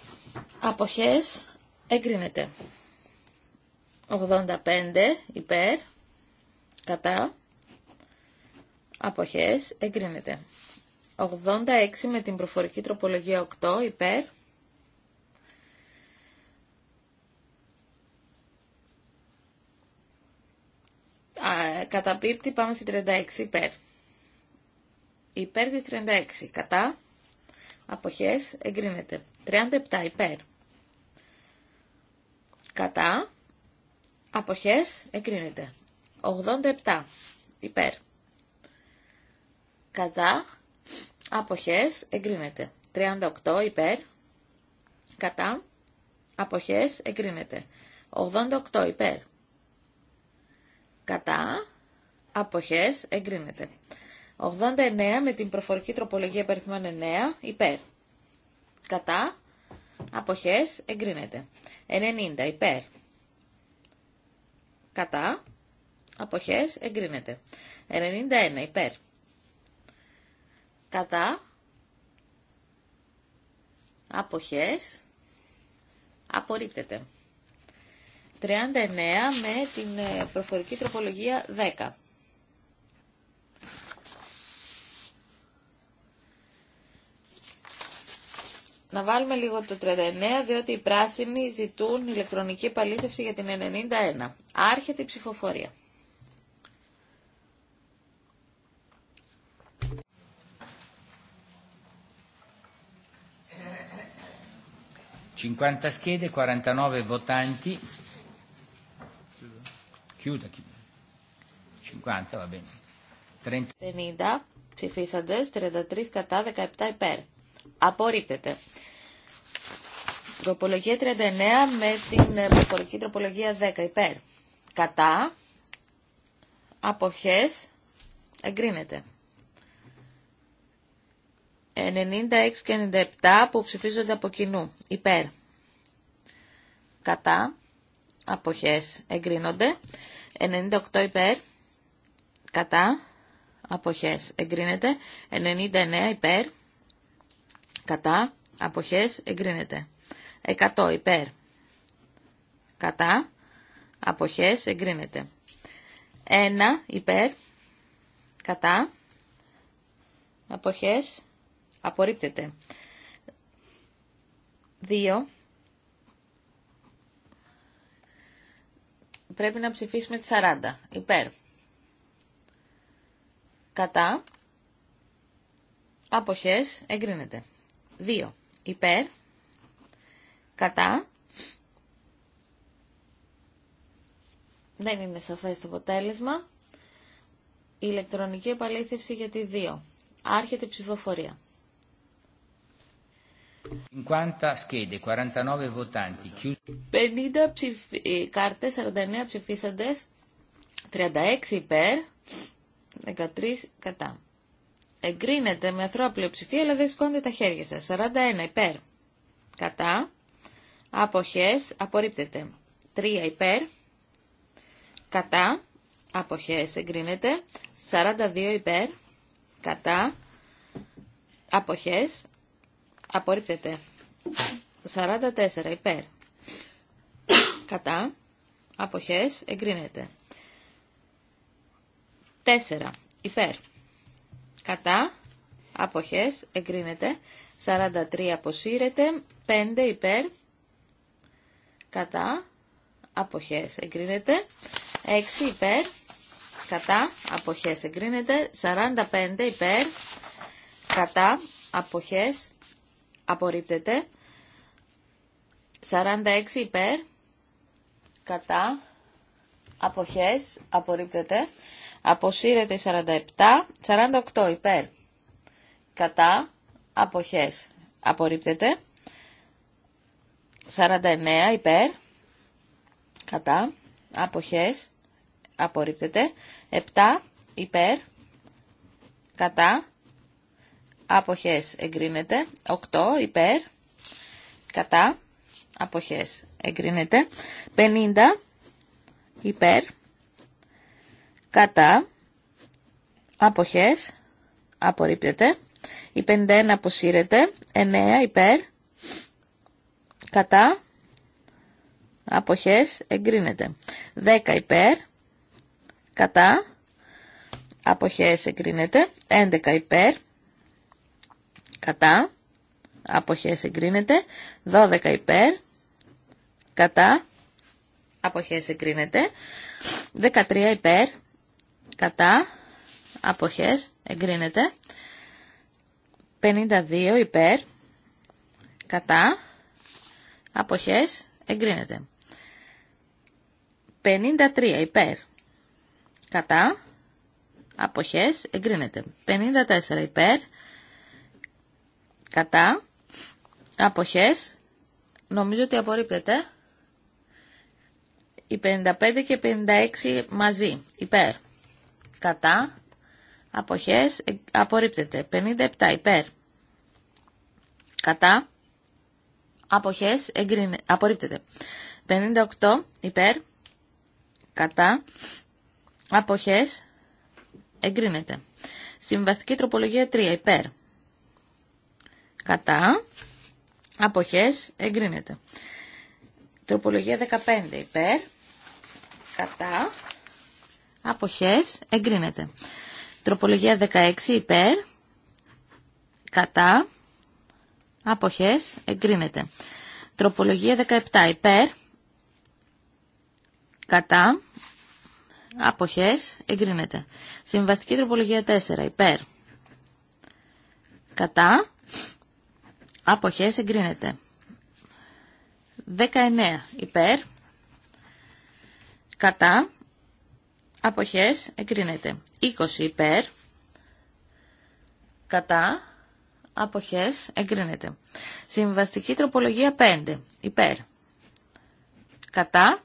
Αποχές εγκρίνεται. 85 υπέρ. Κατά. Αποχές εγκρίνεται. 86 με την προφορική τροπολογία 8 υπέρ. Καταπίπτει, πάμε στη 36 υπέρ. Υπέρ τη 36. Κατά. Αποχές εγκρίνεται. 37 υπέρ. Κατά. Αποχές εγκρίνεται. 87 υπέρ. Κατά. Αποχές εγκρίνεται. 38 υπέρ. Κατά. Αποχές εγκρίνεται. 88 υπέρ. Κατά. Αποχές. Εγκρίνεται. 89 με την προφορική τροπολογία περιθμών 9. Υπέρ. Κατά. Αποχές. Εγκρίνεται. 90. Υπέρ. Κατά. Αποχές. Εγκρίνεται. 91. Υπέρ. Κατά. Αποχές. Απορρίπτεται. 39 με την ε, προφορική τροπολογία 10. Να βάλουμε λίγο το 39, διότι οι πράσινοι ζητούν ηλεκτρονική επαλήθευση για την 91. Άρχεται η ψηφοφορία. σχέδια, 49 votanti. Chiuda chi. 50 va bene. 30. 50 33 κατά, 17 υπέρ. Απορρίπτεται. Τροπολογία 39 με την προφορική τροπολογία 10 υπέρ. Κατά. Αποχές. Εγκρίνεται. 96 και 97 που ψηφίζονται από κοινού. Υπέρ. Κατά αποχές εγκρίνονται. 98 υπέρ, κατά, αποχές εγκρίνεται. 99 υπέρ, κατά, αποχές εγκρίνεται. 100 υπέρ, κατά, αποχές εγκρίνεται. 1 υπέρ, κατά, αποχές απορρίπτεται. 2 πρέπει να ψηφίσουμε τη 40. Υπέρ. Κατά. Αποχές. Εγκρίνεται. 2. Υπέρ. Κατά. Δεν είναι σαφές το αποτέλεσμα. Η ηλεκτρονική επαλήθευση για τη 2. Άρχεται η ψηφοφορία. 50 schede, 49 votanti. 50 49 ε, ψηφίσαντες, 36 υπέρ, 13 κατά. Εγκρίνεται με αθρώα πλειοψηφία, αλλά δεν σηκώνετε τα χέρια σας. 41 υπέρ, κατά. απόχέ, απορρίπτεται. 3 υπέρ, κατά. απόχέ. εγκρίνεται. 42 υπέρ, κατά. Αποχές, Απορρίπτεται. 44 υπέρ. Κατά. Αποχές. Εγκρίνεται. 4 υπέρ. Κατά. Αποχές. Εγκρίνεται. 43 αποσύρεται. 5 υπέρ. Κατά. Αποχές. Εγκρίνεται. 6 υπέρ. Κατά. Αποχές. Εγκρίνεται. 45 υπέρ. Κατά. Αποχές απορρίπτεται. 46 υπέρ, κατά, αποχές, απορρίπτεται. Αποσύρεται 47, 48 υπέρ, κατά, αποχές, απορρίπτεται. 49 υπέρ, κατά, αποχές, απορρίπτεται. 7 υπέρ, κατά, αποχές εγκρίνεται. 8 υπέρ, κατά, αποχές εγκρίνεται. 50 υπέρ, κατά, αποχές απορρίπτεται. Η 51 αποσύρεται. 9 υπέρ, κατά, αποχές εγκρίνεται. 10 υπέρ, κατά, αποχές εγκρίνεται. 11 υπέρ, κατά, αποχές εγκρίνεται, 12 υπέρ, κατά, αποχές εγκρίνεται, 13 υπέρ, κατά, αποχές εγκρίνεται, 52 υπέρ, κατά, αποχές εγκρίνεται. 53 υπέρ, κατά, αποχές εγκρίνεται. 54 υπέρ, Κατά. Αποχές. Νομίζω ότι απορρίπτεται. Οι 55 και 56 μαζί. Υπέρ. Κατά. Αποχές. Ε, απορρίπτεται. 57 υπέρ. Κατά. Αποχές. Εγκρίνε, απορρίπτεται. 58 υπέρ. Κατά. Αποχές. Εγκρίνεται. Συμβαστική τροπολογία 3 υπέρ κατά, αποχές, εγκρίνεται. Τροπολογία 15 υπέρ, κατά, αποχές, εγκρίνεται. Τροπολογία 16 υπέρ, κατά, αποχές, εγκρίνεται. Τροπολογία 17 υπέρ, κατά, αποχές, εγκρίνεται. Συμβαστική τροπολογία 4 υπέρ, κατά, Αποχές εγκρίνεται. 19 υπέρ. Κατά. Αποχές εγκρίνεται. 20 υπέρ. Κατά. Αποχές εγκρίνεται. Συμβαστική τροπολογία 5 υπέρ. Κατά.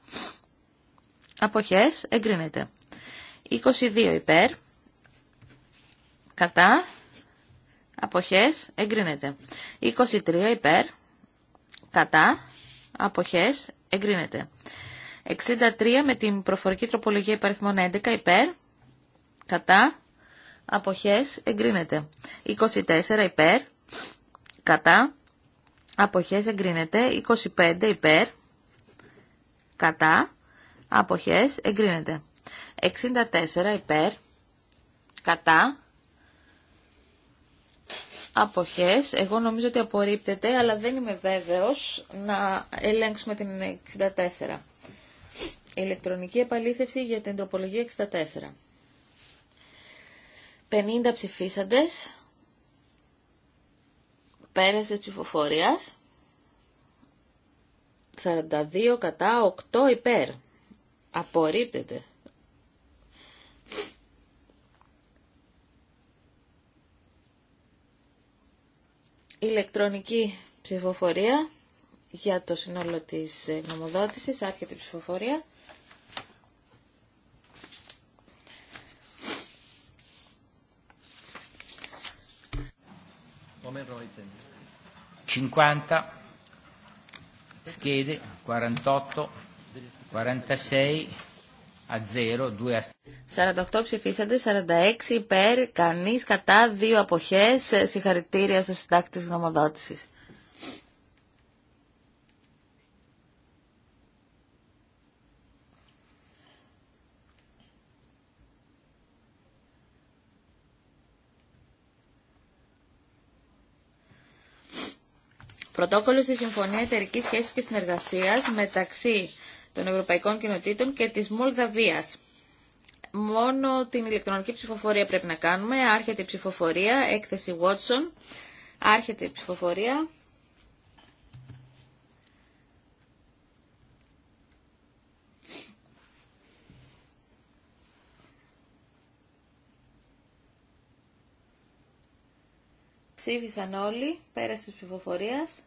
Αποχές εγκρίνεται. 22 υπέρ. Κατά. Αποχές εγκρίνεται. 23 υπέρ. Κατά. Αποχές εγκρίνεται. 63 με την προφορική τροπολογία υπαριθμών 11 υπέρ. Κατά. Αποχές εγκρίνεται. 24 υπέρ. Κατά. Αποχές εγκρίνεται. 25 υπέρ. Κατά. Αποχές εγκρίνεται. 64 υπέρ. Κατά αποχές. Εγώ νομίζω ότι απορρίπτεται, αλλά δεν είμαι βέβαιος να ελέγξουμε την 64. Ηλεκτρονική επαλήθευση για την τροπολογία 64. 50 ψηφίσαντες. Πέρασε ψηφοφορίας. 42 κατά 8 υπέρ. Απορρίπτεται. Ηλεκτρονική ψηφοφορία για το σύνολο της νομοδότησης. Άρχεται η ψηφοφορία. 50 schede, 48, 46 48 ψηφίσατε, 46 υπέρ, κανείς κατά, δύο αποχές. Ε, συγχαρητήρια στο συντάκτη τη γνωμοδότησης. Πρωτόκολλο στη Συμφωνία Εταιρική σχέση και συνεργασία μεταξύ των Ευρωπαϊκών Κοινοτήτων και της Μολδαβίας. Μόνο την ηλεκτρονική ψηφοφορία πρέπει να κάνουμε. Άρχεται η ψηφοφορία, έκθεση Watson. Άρχεται η ψηφοφορία. Ψήφισαν όλοι, πέρασε της ψηφοφορίας.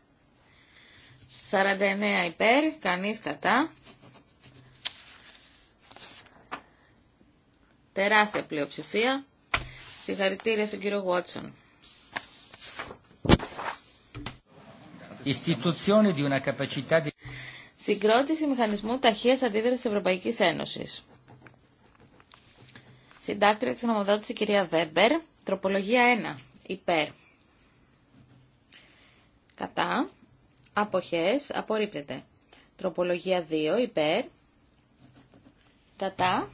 49 υπέρ, κανείς κατά. Τεράστια πλειοψηφία. Συγχαρητήρια στον κύριο Βότσον. Συγκρότηση μηχανισμού ταχεία αντίδραση Ευρωπαϊκή Ένωση. Συντάκτρια τη γνωμοδότηση κυρία Βέμπερ. Τροπολογία 1. Υπέρ. Κατά. Αποχέ, Απορρίπτεται. Τροπολογία 2. Υπέρ. Κατά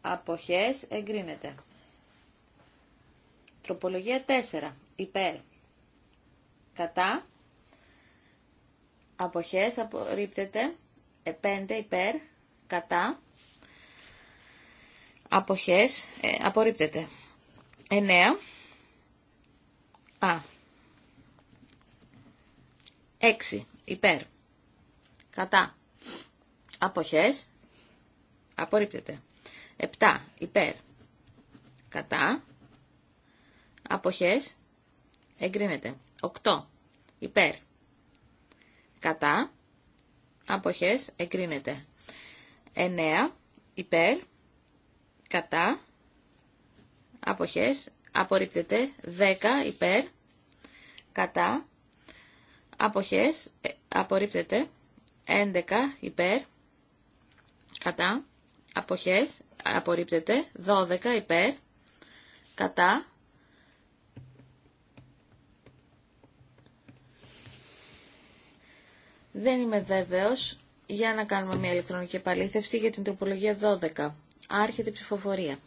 αποχές εγκρίνεται. Τροπολογία 4. Υπέρ. Κατά. Αποχές απορρίπτεται. 5. Ε, Υπέρ. Κατά. Αποχές ε, απορρίπτεται. 9. Α. 6. Υπέρ. Κατά. Αποχές απορρίπτεται. 7 υπέρ κατά αποχές εγκρίνεται 8 υπέρ κατά αποχές εγκρίνεται 9 υπέρ κατά αποχές απορρίπτεται 10 υπέρ κατά αποχές ε, απορρίπτεται 11 υπέρ κατά αποχές, απορρίπτεται, 12 υπέρ, κατά, Δεν είμαι βέβαιος. Για να κάνουμε μια ηλεκτρονική επαλήθευση για την τροπολογία 12. Άρχεται η ψηφοφορία.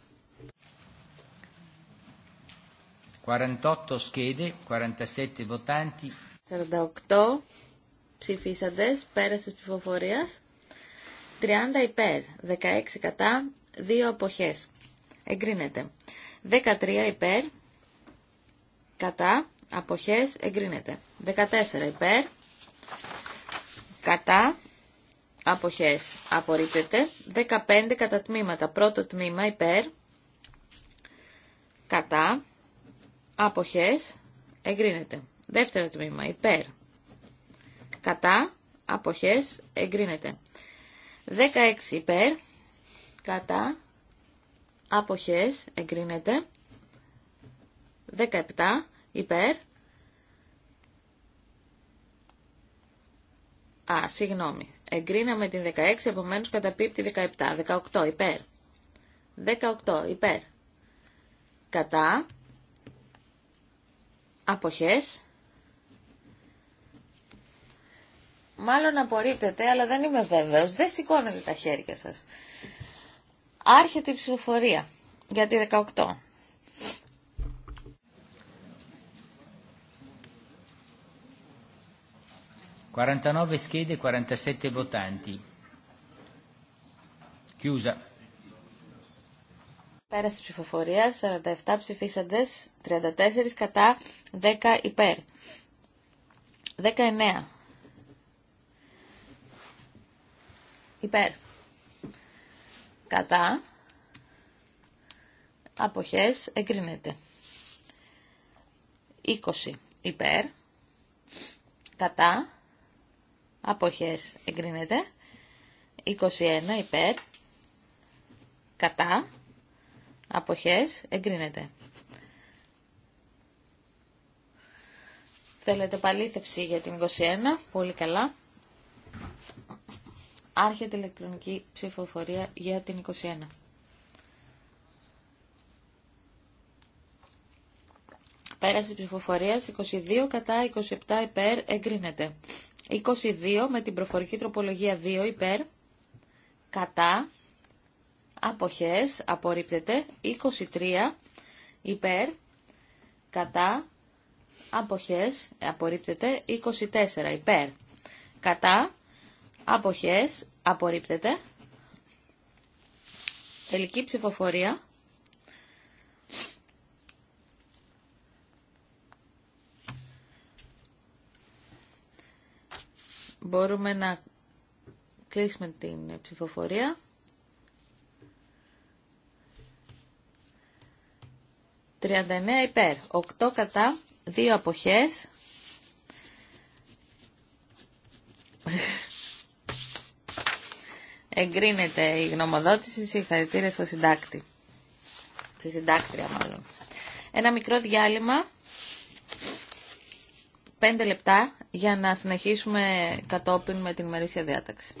48 σχέδι, 47 votanti. 48 ψηφίσαντες πέρασε ψηφοφορίας. 30 υπέρ, 16 κατά, 2 αποχές. Εγκρίνεται. 13 υπέρ, κατά, αποχές, εγκρίνεται. 14 υπέρ, κατά, αποχές, απορρίπτεται. 15 κατά τμήματα, πρώτο τμήμα υπέρ, κατά, αποχές, εγκρίνεται. Δεύτερο τμήμα, υπέρ, κατά, αποχές, εγκρίνεται. 16 υπέρ, κατά, αποχές, εγκρίνεται. 17 υπέρ. Α, συγγνώμη. Εγκρίναμε την 16, επομένως καταπίπτει 17. 18 υπέρ. 18 υπέρ. Κατά. Αποχές. Μάλλον απορρίπτεται, αλλά δεν είμαι βέβαιος. Δεν σηκώνετε τα χέρια σας. Άρχεται η ψηφοφορία για τη 18. «49 schede, 47 votanti. Chiusa. Πέραση ψηφοφορία, 47 ψηφίσαντες, 34 κατά, 10 υπέρ. 19. Υπέρ. Κατά. Αποχές εγκρίνεται. 20. Υπέρ. Κατά. Αποχές εγκρίνεται. 21. Υπέρ. Κατά. Αποχές εγκρίνεται. Θέλετε παλήθευση για την 21. Πολύ καλά. Άρχεται ηλεκτρονική ψηφοφορία για την 21. Πέραση ψηφοφορία 22 κατά 27 υπέρ εγκρίνεται. 22 με την προφορική τροπολογία 2 υπέρ κατά αποχές απορρίπτεται. 23 υπέρ κατά αποχές απορρίπτεται. 24 υπέρ κατά Αποχές. Απορρίπτεται. Τελική ψηφοφορία. Μπορούμε να κλείσουμε την ψηφοφορία. 39 υπέρ, 8 κατά, 2 αποχές. Εγκρίνεται η γνωμοδότηση συγχαρητήρια στο συντάκτη. Στη συντάκτρια μάλλον. Ένα μικρό διάλειμμα, πέντε λεπτά, για να συνεχίσουμε κατόπιν με την μερίσια διάταξη.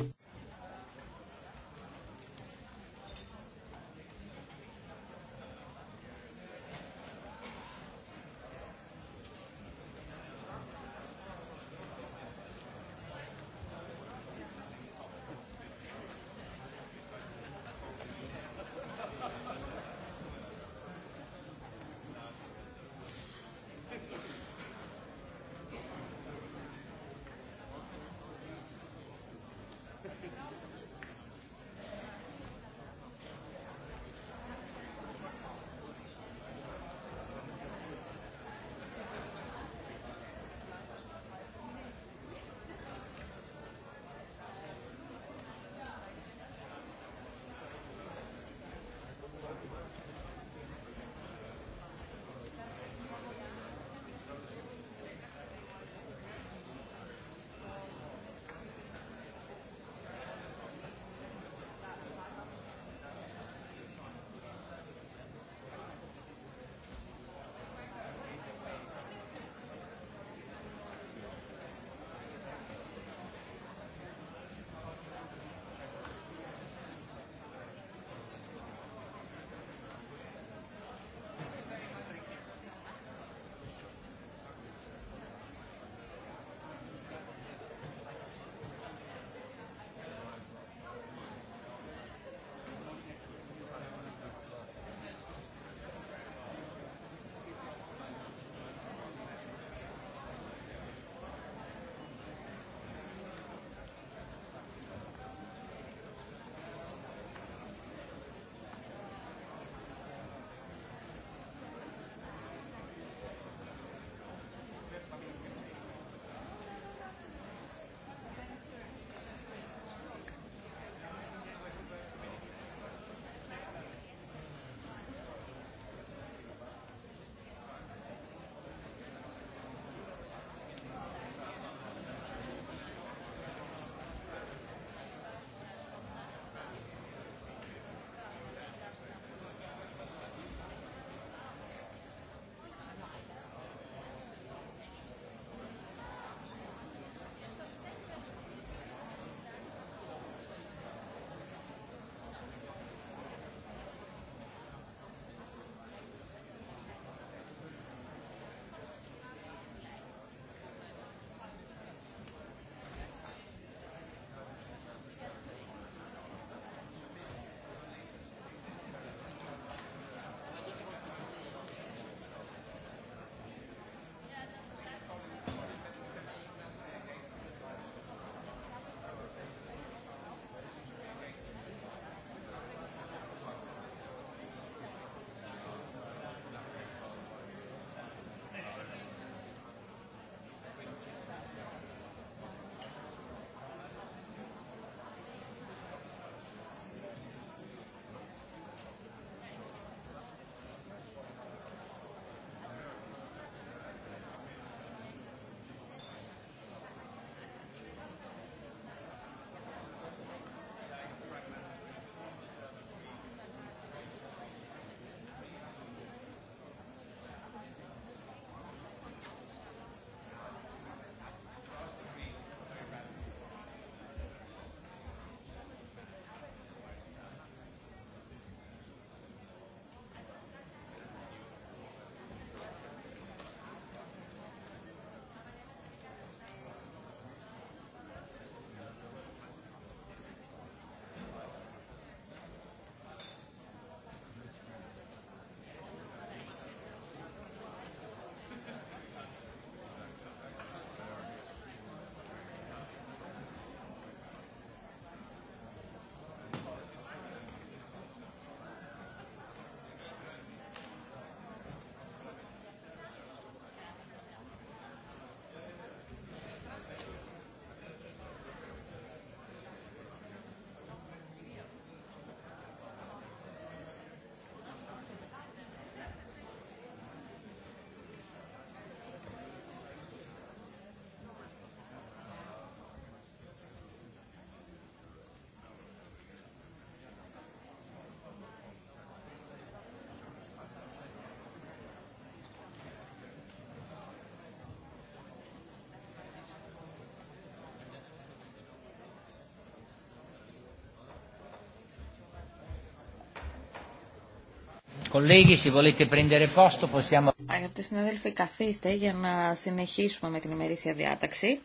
Αγαπητοί συνάδελφοι, καθίστε για να συνεχίσουμε με την ημερήσια διάταξη,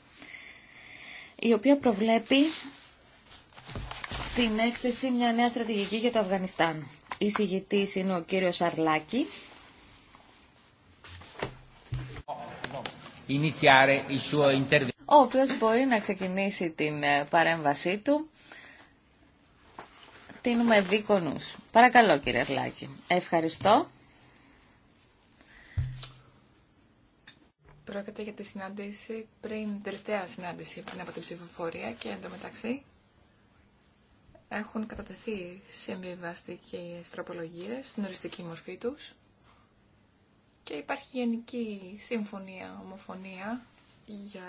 η οποία προβλέπει την έκθεση μια νέα στρατηγική για το Αφγανιστάν. Η συγητής είναι ο κύριος Αρλάκη. Ο οποίος μπορεί να ξεκινήσει την ε, παρέμβασή του Τίνουμε δίκονους. Παρακαλώ κύριε Αρλάκη. Ευχαριστώ. Πρόκειται για τη συνάντηση πριν, τελευταία συνάντηση πριν από την ψηφοφορία και εντωμεταξύ έχουν κατατεθεί συμβιβαστικές τροπολογίες στην οριστική μορφή τους και υπάρχει γενική συμφωνία, ομοφωνία για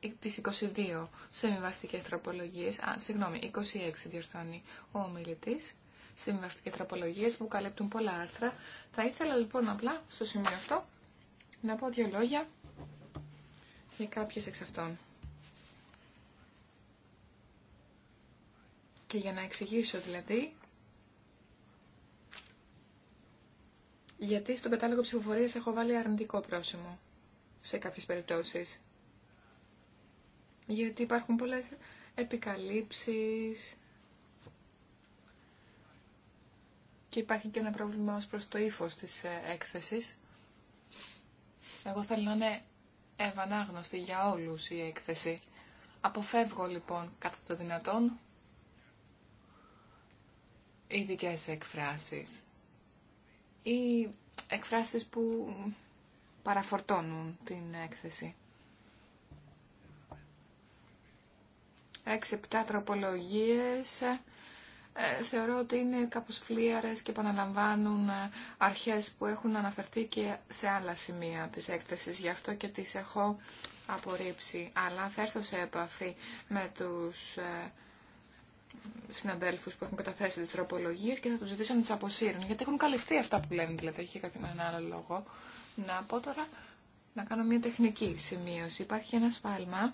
ε, τις 22 συμβιβαστικές τροπολογίε. α, συγγνώμη, 26 διορθώνει ο ομιλητής, συμβιβαστικές τροπολογίες που καλύπτουν πολλά άρθρα. Θα ήθελα λοιπόν απλά στο σημείο αυτό να πω δύο λόγια για κάποιες εξ αυτών. Και για να εξηγήσω δηλαδή γιατί στον κατάλογο ψηφοφορίας έχω βάλει αρνητικό πρόσημο σε κάποιες περιπτώσεις γιατί υπάρχουν πολλές επικαλύψεις και υπάρχει και ένα πρόβλημα ως προς το ύφος της ε, έκθεσης. Εγώ θέλω να είναι ευανάγνωστη για όλους η έκθεση. Αποφεύγω λοιπόν κατά το δυνατόν ειδικέ εκφράσεις ή εκφράσεις που παραφορτώνουν την έκθεση. εξι 7 τροπολογίες ε, θεωρώ ότι είναι κάπως φλίαρες και επαναλαμβάνουν ε, αρχές που έχουν αναφερθεί και σε άλλα σημεία της έκθεσης. Γι' αυτό και τις έχω απορρίψει. Αλλά θα έρθω σε επαφή με τους ε, συναδέλφους που έχουν καταθέσει τις τροπολογίες και θα τους ζητήσω να τις αποσύρουν. Γιατί έχουν καλυφθεί αυτά που λένε, δηλαδή έχει κάποιον άλλο λόγο. Να πω τώρα να κάνω μια τεχνική σημείωση. Υπάρχει ένα σφάλμα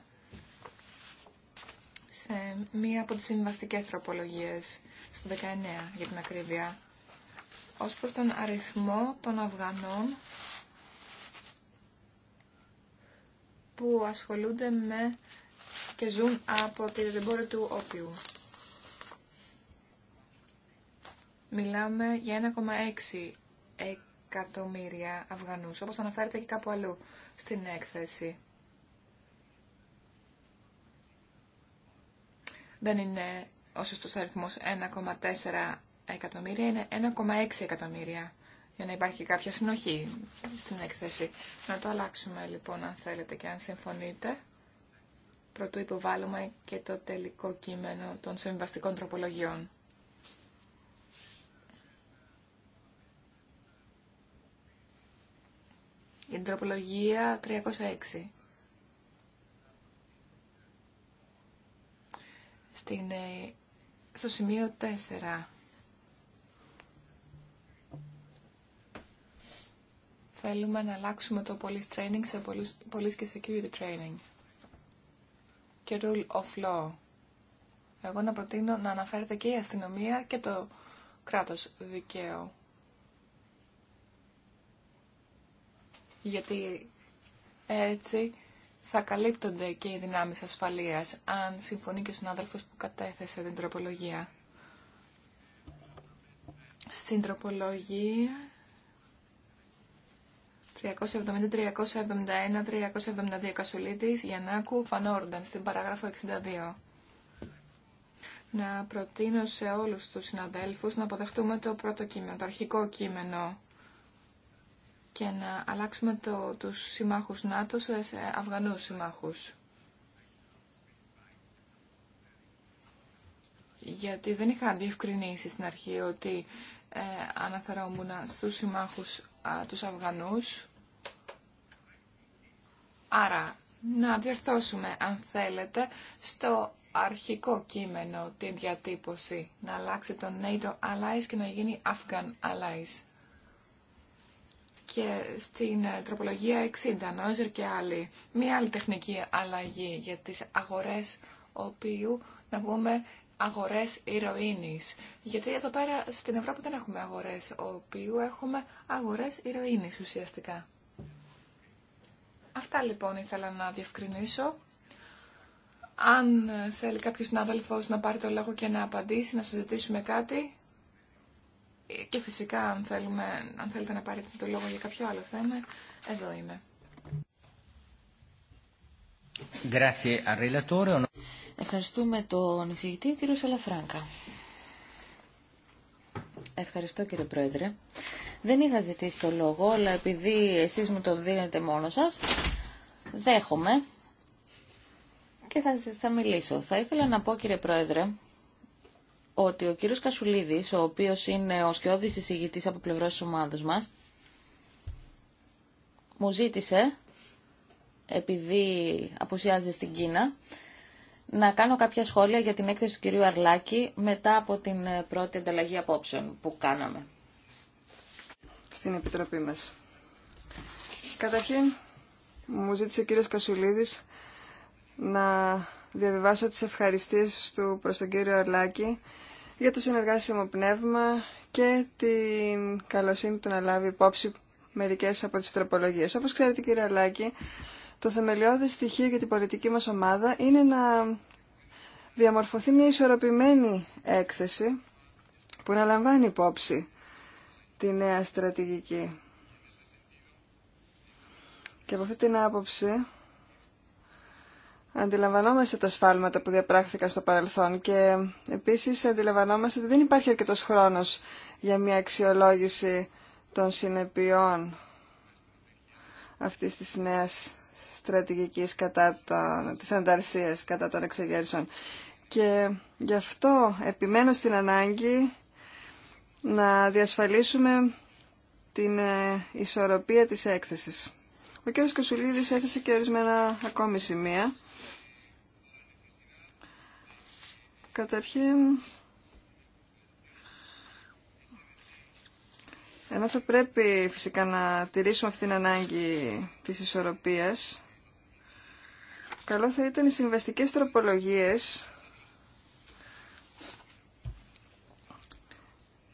μία από τις συμβαστικές τροπολογίες, στην 19 για την ακρίβεια, ως προς τον αριθμό των Αφγανών που ασχολούνται με και ζουν από τη δεδεμπόρη του όποιου. Μιλάμε για 1,6 εκατομμύρια Αφγανούς, όπως αναφέρεται και κάπου αλλού στην έκθεση. δεν είναι ο σωστό αριθμός 1,4 εκατομμύρια, είναι 1,6 εκατομμύρια για να υπάρχει κάποια συνοχή στην έκθεση. Να το αλλάξουμε λοιπόν αν θέλετε και αν συμφωνείτε. Πρωτού υποβάλλουμε και το τελικό κείμενο των συμβαστικών τροπολογιών. Η τροπολογία 306. στην, ε, στο σημείο 4. Θέλουμε να αλλάξουμε το police training σε police και security training. Και rule of law. Εγώ να προτείνω να αναφέρεται και η αστυνομία και το κράτος δικαίου. Γιατί έτσι θα καλύπτονται και οι δυνάμεις ασφαλείας, αν συμφωνεί και ο συνάδελφος που κατέθεσε την τροπολογία. Στην τροπολογία 370, 371, 372 Κασουλίτης, Γιαννάκου, Φανόρνταν, στην παράγραφο 62. Να προτείνω σε όλους τους συναδέλφους να αποδεχτούμε το πρώτο κείμενο, το αρχικό κείμενο και να αλλάξουμε το, τους συμμάχους ΝΑΤΟ σε Αφγανούς συμμάχους. Γιατί δεν είχα διευκρινίσει στην αρχή ότι ε, αναφερόμουν στους συμμάχους α, τους Αφγανούς. Άρα, να διορθώσουμε, αν θέλετε, στο αρχικό κείμενο την διατύπωση. Να αλλάξει το NATO Allies και να γίνει Afghan Allies και στην ε, τροπολογία 60, Νόιζερ και άλλοι, μία άλλη τεχνική αλλαγή για τις αγορές οποίου να πούμε αγορές ηρωίνης. Γιατί εδώ πέρα στην Ευρώπη δεν έχουμε αγορές οποίου έχουμε αγορές ηρωίνης ουσιαστικά. Αυτά λοιπόν ήθελα να διευκρινίσω. Αν θέλει κάποιος συνάδελφος να πάρει το λόγο και να απαντήσει, να συζητήσουμε κάτι, και φυσικά, αν, θέλουμε, αν θέλετε να πάρετε το λόγο για κάποιο άλλο θέμα, εδώ είμαι. Ευχαριστούμε τον εισηγητή, κύριο Σαλαφράγκα. Ευχαριστώ κύριε Πρόεδρε. Δεν είχα ζητήσει το λόγο, αλλά επειδή εσείς μου το δίνετε μόνο σας, δέχομαι και θα, θα μιλήσω. Θα ήθελα να πω κύριε Πρόεδρε ότι ο κύριος Κασουλίδης, ο οποίος είναι ο σκιώδης εισηγητής από πλευρός της ομάδας μας, μου ζήτησε, επειδή αποσιάζει στην Κίνα, να κάνω κάποια σχόλια για την έκθεση του κυρίου Αρλάκη μετά από την ε, πρώτη ανταλλαγή απόψεων που κάναμε. Στην Επιτροπή μας. Καταρχήν, μου ζήτησε ο κύριος Κασουλίδης να διαβιβάσω τις ευχαριστίες του προς τον κύριο Αρλάκη για το συνεργάσιμο πνεύμα και την καλοσύνη του να λάβει υπόψη μερικές από τις τροπολογίες. Όπως ξέρετε κύριε Αλάκη, το θεμελιώδη στοιχείο για την πολιτική μας ομάδα είναι να διαμορφωθεί μια ισορροπημένη έκθεση που να λαμβάνει υπόψη τη νέα στρατηγική. Και από αυτή την άποψη Αντιλαμβανόμαστε τα σφάλματα που διαπράχθηκαν στο παρελθόν και επίσης αντιλαμβανόμαστε ότι δεν υπάρχει αρκετός χρόνος για μια αξιολόγηση των συνεπειών αυτής της νέας στρατηγικής κατά των, της ανταρσίας, κατά των εξεγέρσεων. Και γι' αυτό επιμένω στην ανάγκη να διασφαλίσουμε την ε, ισορροπία της έκθεσης. Ο κ. Κασουλίδης έθεσε και ορισμένα ακόμη σημεία Καταρχήν, ενώ θα πρέπει φυσικά να τηρήσουμε αυτήν την ανάγκη της ισορροπίας, καλό θα ήταν οι συμβαστικές τροπολογίες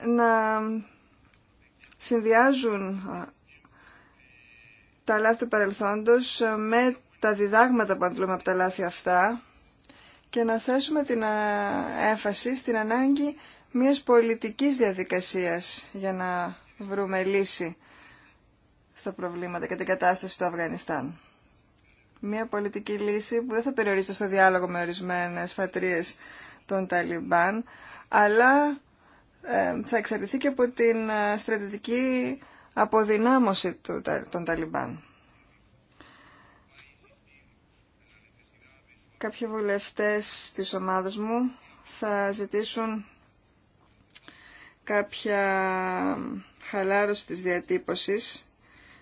να συνδυάζουν τα λάθη του παρελθόντος με τα διδάγματα που αντλούμε από τα λάθη αυτά και να θέσουμε την έμφαση στην ανάγκη μιας πολιτικής διαδικασίας για να βρούμε λύση στα προβλήματα και την κατάσταση του Αφγανιστάν. Μια πολιτική λύση που δεν θα περιορίζεται στο διάλογο με ορισμένες φατρίες των Ταλιμπάν, αλλά ε, θα εξαρτηθεί και από την ε, στρατιωτική αποδυνάμωση των Ταλιμπάν. Κάποιοι βουλευτές της ομάδας μου θα ζητήσουν κάποια χαλάρωση της διατύπωσης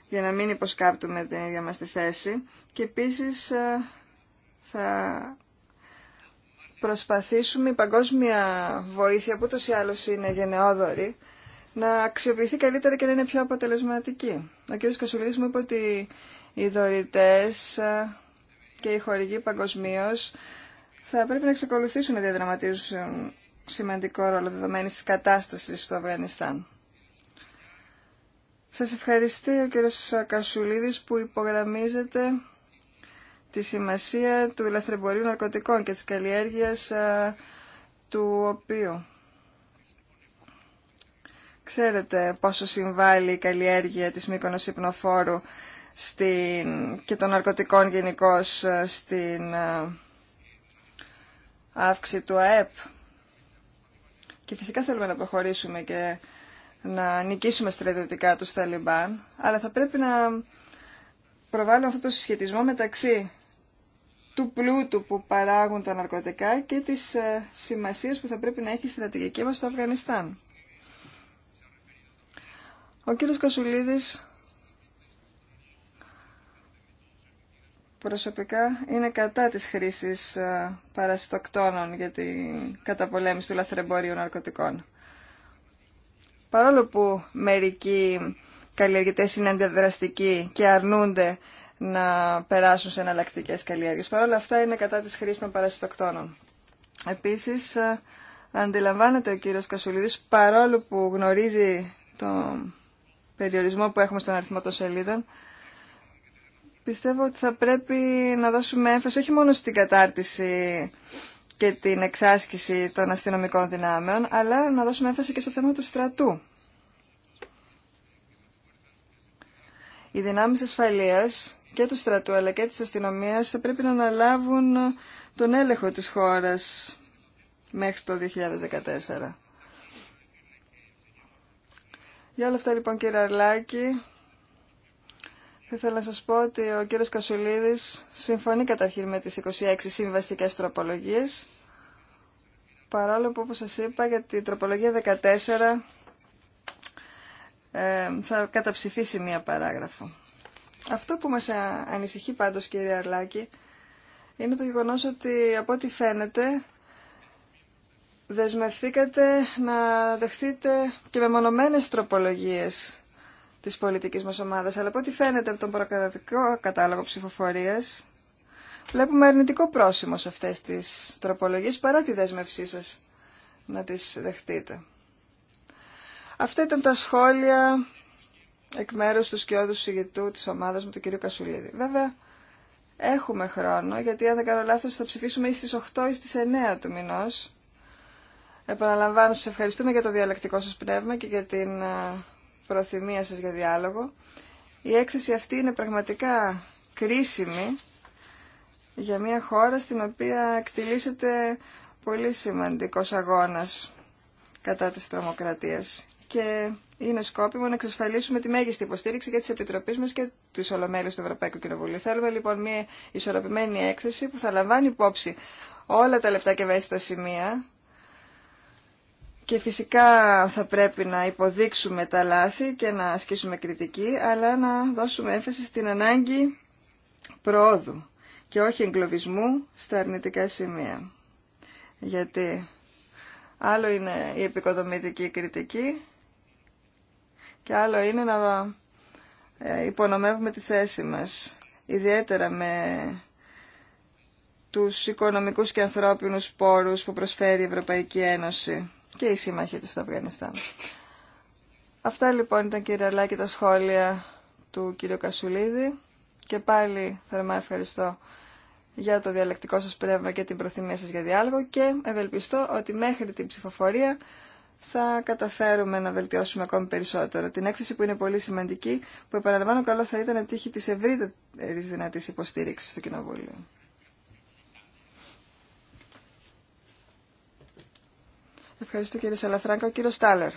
για να μην υποσκάπτουμε την ίδια μας τη θέση και επίσης ε, θα προσπαθήσουμε η παγκόσμια βοήθεια που ούτως ή άλλως είναι γενναιόδορη να αξιοποιηθεί καλύτερα και να είναι πιο αποτελεσματική. Ο κ. Κασουλίδης μου είπε ότι οι δωρητές ε, και οι χορηγοί παγκοσμίω θα πρέπει να εξακολουθήσουν να διαδραματίζουν σημαντικό ρόλο δεδομένη της κατάστασης του Αφγανιστάν. Σας ευχαριστεί ο κύριος Κασουλίδης που υπογραμμίζεται τη σημασία του λαθρεμπορίου ναρκωτικών και της καλλιέργειας του οποίου. Ξέρετε πόσο συμβάλλει η καλλιέργεια της Μύκονος Υπνοφόρου στην, και των ναρκωτικών γενικώ ε, στην ε, αύξηση του ΑΕΠ. Και φυσικά θέλουμε να προχωρήσουμε και να νικήσουμε στρατιωτικά τους Ταλιμπάν, αλλά θα πρέπει να προβάλλουμε αυτό το συσχετισμό μεταξύ του πλούτου που παράγουν τα ναρκωτικά και της ε, σημασίας που θα πρέπει να έχει η στρατηγική μας στο Αφγανιστάν. Ο κύριος Κασουλίδης Προσωπικά είναι κατά της χρήσης ε, παρασιτοκτόνων για την καταπολέμηση του λαθρεμπορίου ναρκωτικών. Παρόλο που μερικοί καλλιεργητές είναι αντιδραστικοί και αρνούνται να περάσουν σε εναλλακτικές καλλιέργειες, παρόλα αυτά είναι κατά της χρήσης των παρασιτοκτόνων. Επίσης, ε, αντιλαμβάνεται ο κύριος Κασουλίδης, παρόλο που γνωρίζει τον περιορισμό που έχουμε στον αριθμό των σελίδων, πιστεύω ότι θα πρέπει να δώσουμε έμφαση όχι μόνο στην κατάρτιση και την εξάσκηση των αστυνομικών δυνάμεων, αλλά να δώσουμε έμφαση και στο θέμα του στρατού. Οι δυνάμεις ασφαλείας και του στρατού αλλά και της αστυνομίας θα πρέπει να αναλάβουν τον έλεγχο της χώρας μέχρι το 2014. Για όλα αυτά λοιπόν κύριε Αρλάκη, θα ήθελα να σας πω ότι ο κύριος Κασουλίδης συμφωνεί καταρχήν με τις 26 συμβαστικές τροπολογίες, παρόλο που όπως σας είπα για την τροπολογία 14 ε, θα καταψηφίσει μία παράγραφο. Αυτό που μας ανησυχεί πάντως κύριε Αρλάκη είναι το γεγονός ότι από ό,τι φαίνεται δεσμευθήκατε να δεχτείτε και μεμονωμένες τροπολογίες της πολιτικής μας ομάδας, αλλά από ό,τι φαίνεται από τον προκατατικό κατάλογο ψηφοφορίας, βλέπουμε αρνητικό πρόσημο σε αυτές τις τροπολογίες, παρά τη δέσμευσή σας να τις δεχτείτε. Αυτά ήταν τα σχόλια εκ μέρους του σκιώδου συγητού της ομάδας μου, του κ. Κασουλίδη. Βέβαια, έχουμε χρόνο, γιατί αν δεν κάνω λάθος θα ψηφίσουμε ή στις 8 ή στις 9 του μηνός. Επαναλαμβάνω, σας ευχαριστούμε για το διαλεκτικό σας πνεύμα και για την ε, προθυμία σας για διάλογο. Η έκθεση αυτή είναι πραγματικά κρίσιμη για μια χώρα στην οποία εκτιλήσεται πολύ σημαντικός αγώνας κατά της τρομοκρατίας. Και είναι σκόπιμο να εξασφαλίσουμε τη μέγιστη υποστήριξη και τη Επιτροπή μας και τη Ολομέλεια του Ευρωπαϊκού Κοινοβουλίου. Θέλουμε λοιπόν μια ισορροπημένη έκθεση που θα λαμβάνει υπόψη όλα τα λεπτά και ευαίσθητα σημεία και φυσικά θα πρέπει να υποδείξουμε τα λάθη και να ασκήσουμε κριτική, αλλά να δώσουμε έμφαση στην ανάγκη προόδου και όχι εγκλωβισμού στα αρνητικά σημεία. Γιατί άλλο είναι η επικοδομητική κριτική και άλλο είναι να ε, υπονομεύουμε τη θέση μας, ιδιαίτερα με τους οικονομικούς και ανθρώπινους πόρους που προσφέρει η Ευρωπαϊκή Ένωση και οι σύμμαχοι του στο Αφγανιστάν. Αυτά λοιπόν ήταν κύριε Αλάκη τα σχόλια του κύριου Κασουλίδη και πάλι θερμά ευχαριστώ για το διαλεκτικό σας πνεύμα και την προθυμία σας για διάλογο και ευελπιστώ ότι μέχρι την ψηφοφορία θα καταφέρουμε να βελτιώσουμε ακόμη περισσότερο την έκθεση που είναι πολύ σημαντική, που επαναλαμβάνω καλό θα ήταν να τύχει τη ευρύτερη δυνατή υποστήριξη στο Κοινοβούλιο. Ευχαριστώ κύριε Σαλαφράγκα. Ο κύριο Στάλλερ.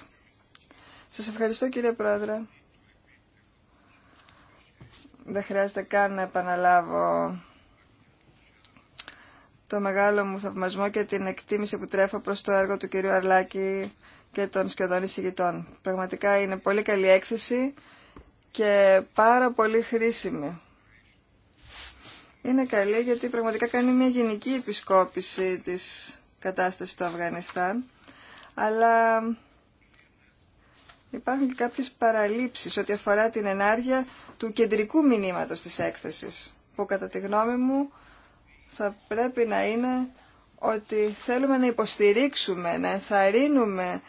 Σας ευχαριστώ κύριε Πρόεδρε. Δεν χρειάζεται καν να επαναλάβω το μεγάλο μου θαυμασμό και την εκτίμηση που τρέφω προς το έργο του κυρίου Αρλάκη και των σχεδόν εισηγητών. Πραγματικά είναι πολύ καλή έκθεση και πάρα πολύ χρήσιμη. Είναι καλή γιατί πραγματικά κάνει μια γενική επισκόπηση της κατάστασης του Αφγανιστάν αλλά υπάρχουν και κάποιες παραλήψεις ό,τι αφορά την ενάργεια του κεντρικού μηνύματος της έκθεσης, που κατά τη γνώμη μου θα πρέπει να είναι ότι θέλουμε να υποστηρίξουμε, να ενθαρρύνουμε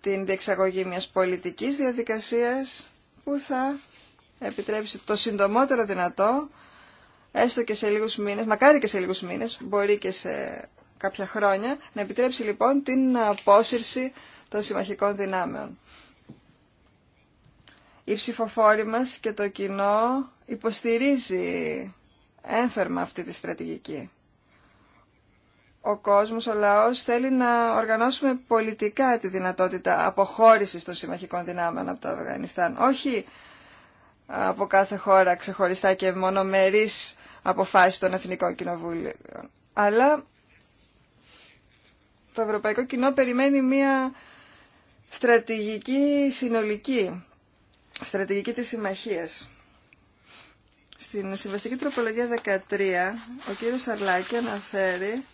την διεξαγωγή μιας πολιτικής διαδικασίας που θα επιτρέψει το συντομότερο δυνατό, έστω και σε λίγους μήνες, μακάρι και σε λίγους μήνες, μπορεί και σε κάποια χρόνια, να επιτρέψει λοιπόν την απόσυρση των συμμαχικών δυνάμεων. Οι ψηφοφόροι μας και το κοινό υποστηρίζει ένθερμα αυτή τη στρατηγική. Ο κόσμος, ο λαός θέλει να οργανώσουμε πολιτικά τη δυνατότητα αποχώρησης των συμμαχικών δυνάμεων από το Αφγανιστάν. Όχι από κάθε χώρα ξεχωριστά και μονομερείς αποφάσεις των Εθνικών Κοινοβούλων. Αλλά το ευρωπαϊκό κοινό περιμένει μια στρατηγική συνολική, στρατηγική της συμμαχίας. Στην συμβαστική τροπολογία 13, ο κύριος Αρλάκη αναφέρει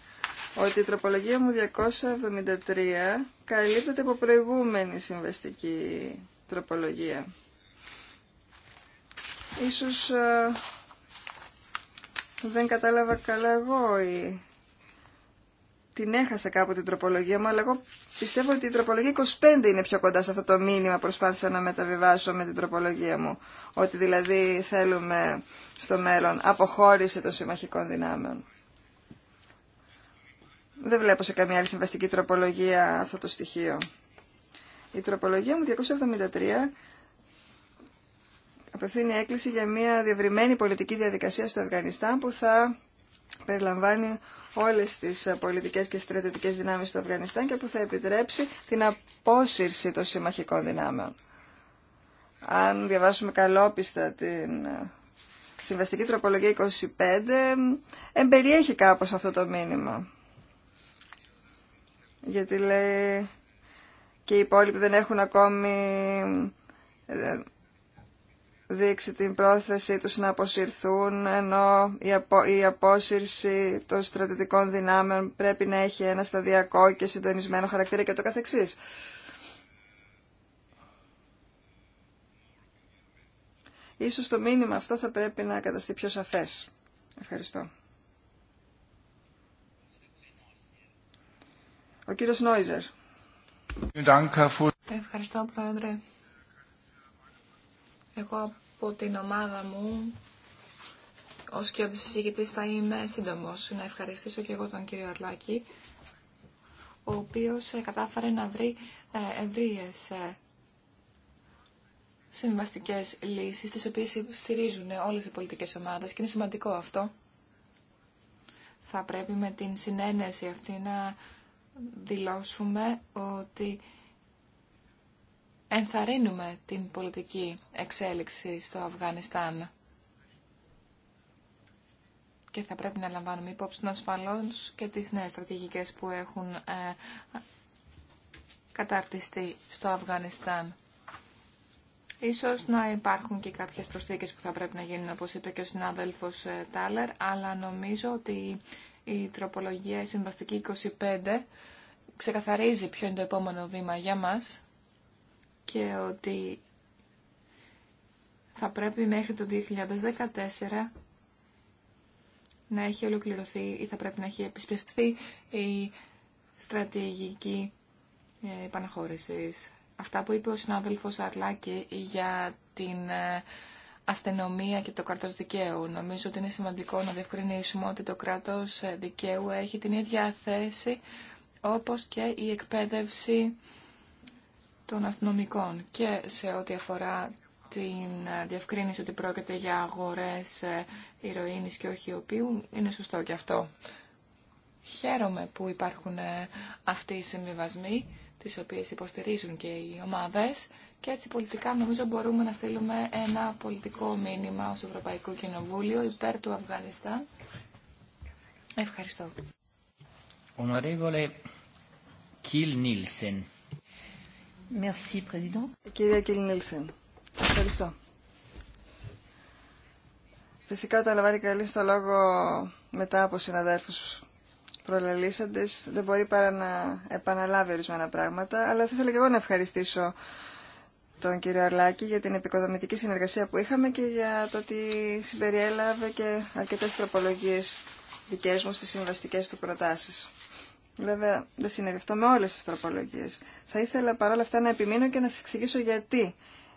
ότι η τροπολογία μου 273 καλύπτεται από προηγούμενη συμβαστική τροπολογία. Ίσως ε, δεν κατάλαβα καλά εγώ ή την έχασα κάπου την τροπολογία μου, αλλά εγώ πιστεύω ότι η τροπολογία 25 είναι πιο κοντά σε αυτό το μήνυμα προσπάθησα να μεταβιβάσω με την τροπολογία μου. Ότι δηλαδή θέλουμε στο μέλλον αποχώρηση των συμμαχικών δυνάμεων. Δεν βλέπω σε καμία άλλη συμβαστική τροπολογία αυτό το στοιχείο. Η τροπολογία μου 273 απευθύνει έκκληση για μια διευρυμένη πολιτική διαδικασία στο Αφγανιστάν που θα περιλαμβάνει όλες τις ε, πολιτικές και στρατιωτικές δυνάμεις του Αφγανιστάν και που θα επιτρέψει την απόσυρση των συμμαχικών δυνάμεων. Αν διαβάσουμε καλόπιστα την ε, συμβαστική τροπολογία 25, εμπεριέχει κάπως αυτό το μήνυμα. Γιατί λέει και οι υπόλοιποι δεν έχουν ακόμη ε, δείξει την πρόθεσή τους να αποσυρθούν, ενώ η, απο, η απόσυρση των στρατιωτικών δυνάμεων πρέπει να έχει ένα σταδιακό και συντονισμένο χαρακτήρα και το καθεξής. Ίσως το μήνυμα αυτό θα πρέπει να καταστεί πιο σαφές. Ευχαριστώ. Ο κύριος Νόιζερ. Ευχαριστώ, Πρόεδρε. Εγώ από την ομάδα μου, ως και ο θα είμαι σύντομο. Να ευχαριστήσω και εγώ τον κύριο Αρλάκη, ο οποίος ε, κατάφερε να βρει ε, ευρείε ε, συμβαστικέ λύσεις, τις οποίες στηρίζουν όλες οι πολιτικές ομάδες και είναι σημαντικό αυτό. Θα πρέπει με την συνένεση αυτή να δηλώσουμε ότι ενθαρρύνουμε την πολιτική εξέλιξη στο Αφγανιστάν. Και θα πρέπει να λαμβάνουμε υπόψη των ασφαλώς και τις νέες στρατηγικές που έχουν ε, καταρτιστεί στο Αφγανιστάν. Ίσως να υπάρχουν και κάποιες προσθήκες που θα πρέπει να γίνουν, όπως είπε και ο συνάδελφος ε, Τάλερ, αλλά νομίζω ότι η τροπολογία συμβαστική 25 ξεκαθαρίζει ποιο είναι το επόμενο βήμα για μας και ότι θα πρέπει μέχρι το 2014 να έχει ολοκληρωθεί ή θα πρέπει να έχει επισπευστεί η στρατηγική εχει επισπευθει η Αυτά που είπε ο συνάδελφος Αρλάκη για την ε, αστυνομία και το κράτος δικαίου. Νομίζω ότι είναι σημαντικό να διευκρινίσουμε ότι το κράτος ε, δικαίου έχει την ίδια θέση όπως και η εκπαίδευση των αστυνομικών και σε ό,τι αφορά την διευκρίνηση ότι πρόκειται για αγορές ε, ηρωίνης και όχι οποίου, είναι σωστό και αυτό. Χαίρομαι που υπάρχουν ε, αυτοί οι συμβιβασμοί, τις οποίες υποστηρίζουν και οι ομάδες και έτσι πολιτικά νομίζω μπορούμε να στείλουμε ένα πολιτικό μήνυμα ως Ευρωπαϊκό Κοινοβούλιο υπέρ του Αφγανιστάν. Ευχαριστώ. Merci, Président. Κυρία ευχαριστώ. Φυσικά όταν λαμβάνει καλή στο λόγο μετά από συναδέλφους προλαλήσαντες δεν μπορεί παρά να επαναλάβει ορισμένα πράγματα αλλά θα ήθελα και εγώ να ευχαριστήσω τον κύριο Αρλάκη για την επικοδομητική συνεργασία που είχαμε και για το ότι συμπεριέλαβε και αρκετές τροπολογίες δικές μου στις συμβαστικές του προτάσεις. Βέβαια, δεν συνέβη με όλες τις τροπολογίες. Θα ήθελα παρόλα αυτά να επιμείνω και να σας εξηγήσω γιατί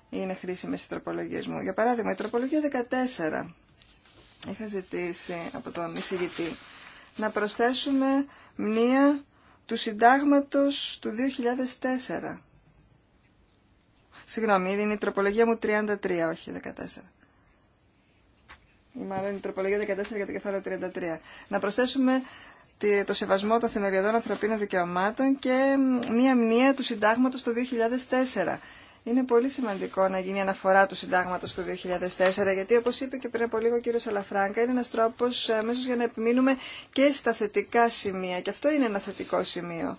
είναι χρήσιμε οι τροπολογίες μου. Για παράδειγμα, η τροπολογία 14. Είχα ζητήσει από τον εισηγητή να προσθέσουμε μνήα του συντάγματος του 2004. Συγγνώμη, είναι η τροπολογία μου 33, όχι 14. Ή μάλλον η τροπολογία 14 για το κεφάλαιο 33. Να προσθέσουμε το σεβασμό των θεμελιωδών ανθρωπίνων δικαιωμάτων και μία μνήμα του συντάγματος το 2004. Είναι πολύ σημαντικό να γίνει αναφορά του συντάγματο του 2004, γιατί όπω είπε και πριν από λίγο ο κύριο Αλαφράγκα, είναι ένα τρόπο ε, αμέσω για να επιμείνουμε και στα θετικά σημεία. Και αυτό είναι ένα θετικό σημείο.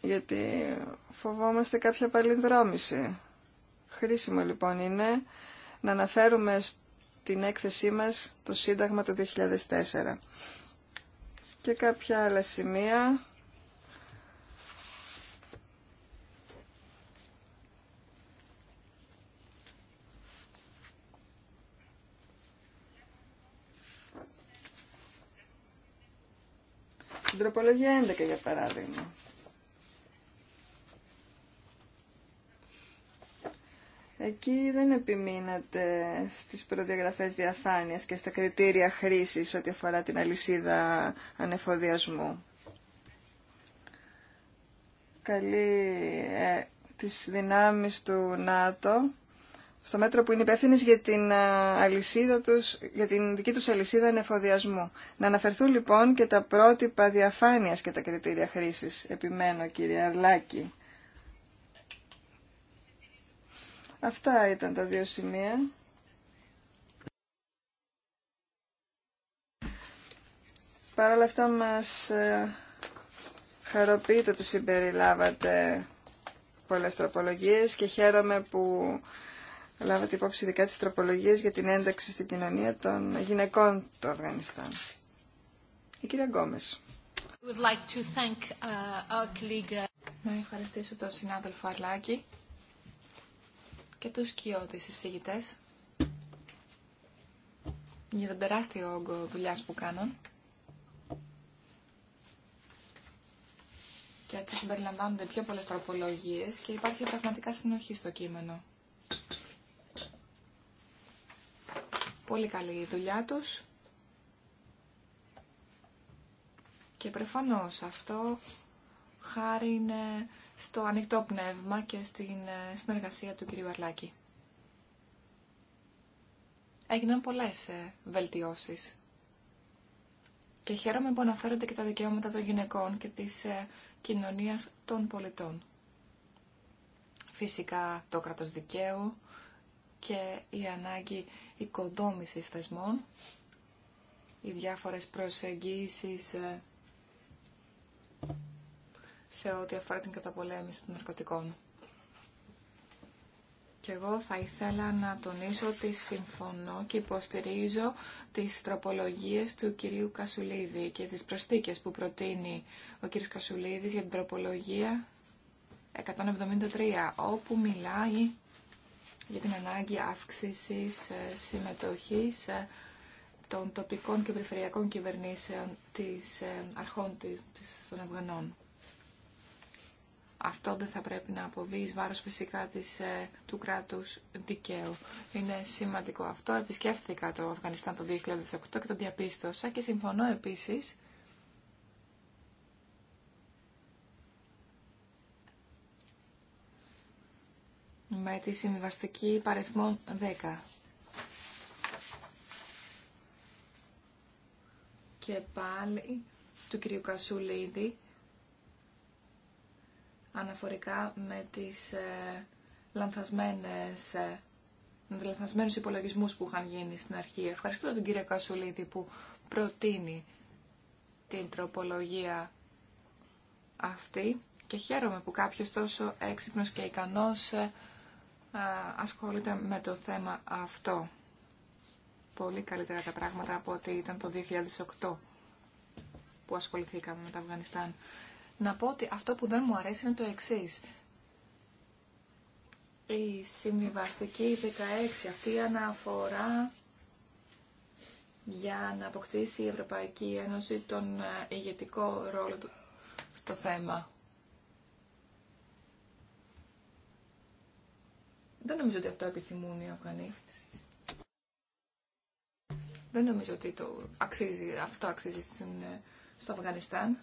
Γιατί φοβόμαστε κάποια παλινδρόμηση. Χρήσιμο λοιπόν είναι να αναφέρουμε την έκθεσή μας το Σύνταγμα το 2004. Και κάποια άλλα σημεία. Στην τροπολογία 11 για παράδειγμα. Εκεί δεν επιμείνατε στις προδιαγραφές διαφάνειας και στα κριτήρια χρήσης ό,τι αφορά την αλυσίδα ανεφοδιασμού. Καλή ε, τις δυνάμεις του ΝΑΤΟ στο μέτρο που είναι υπεύθυνε για την, ε, αλυσίδα τους, για την δική τους αλυσίδα ανεφοδιασμού. Να αναφερθούν λοιπόν και τα πρότυπα διαφάνειας και τα κριτήρια χρήσης. Επιμένω κύριε Αρλάκη. Αυτά ήταν τα δύο σημεία. Παρ' όλα αυτά μας ε, χαροποιεί το ότι συμπεριλάβατε πολλές τροπολογίες και χαίρομαι που λάβατε υπόψη ειδικά τις τροπολογίες για την ένταξη στην κοινωνία των γυναικών του Αφγανιστάν. Η κυρία Γκόμες. Would like to thank uh, uh, Να ευχαριστήσω τον συνάδελφο Αρλάκη και τους σκιώτες εισηγητές για τον τεράστιο όγκο δουλειά που κάνουν. Και έτσι συμπεριλαμβάνονται πιο πολλές τροπολογίες και υπάρχει πραγματικά συνοχή στο κείμενο. Πολύ καλή η δουλειά τους. Και προφανώς αυτό χάρη είναι στο ανοιχτό πνεύμα και στην ε, συνεργασία του κυρίου Αρλάκη. Έγιναν πολλές ε, βελτιώσεις και χαίρομαι που αναφέρονται και τα δικαιώματα των γυναικών και της ε, κοινωνίας των πολιτών. Φυσικά το κράτος δικαίου και η ανάγκη οικοδόμησης θεσμών, οι διάφορες προσεγγίσεις σε ό,τι αφορά την καταπολέμηση των ναρκωτικών. Και εγώ θα ήθελα να τονίσω ότι συμφωνώ και υποστηρίζω τις τροπολογίες του κυρίου Κασουλίδη και τις προστίκες που προτείνει ο κύριος Κασουλίδης για την τροπολογία 173, όπου μιλάει για την ανάγκη αύξησης ε, συμμετοχής ε, των τοπικών και περιφερειακών κυβερνήσεων της ε, αρχών των Αυγανών. Αυτό δεν θα πρέπει να αποβεί εις βάρος φυσικά της, ε, του κράτους δικαίου. Είναι σημαντικό αυτό. Επισκέφθηκα το Αφγανιστάν το 2008 και το διαπίστωσα και συμφωνώ επίσης με τη συμβιβαστική παρεθμό 10. Και πάλι του κυρίου Κασούλη αναφορικά με τις ε, λανθασμένες, ε, λανθασμένους υπολογισμούς που είχαν γίνει στην αρχή. Ευχαριστώ τον κύριο Κασουλίδη που προτείνει την τροπολογία αυτή και χαίρομαι που κάποιος τόσο έξυπνος και ικανός ε, ασχολείται με το θέμα αυτό. Πολύ καλύτερα τα πράγματα από ότι ήταν το 2008 που ασχοληθήκαμε με το Αφγανιστάν να πω ότι αυτό που δεν μου αρέσει είναι το εξή. Η συμβιβαστική 16, αυτή η αναφορά για να αποκτήσει η Ευρωπαϊκή Ένωση τον ε, ηγετικό ρόλο του στο θέμα. Δεν νομίζω ότι αυτό επιθυμούν οι Αφγανοί. Δεν νομίζω ότι το αξίζει, αυτό αξίζει στην, ε, στο Αφγανιστάν.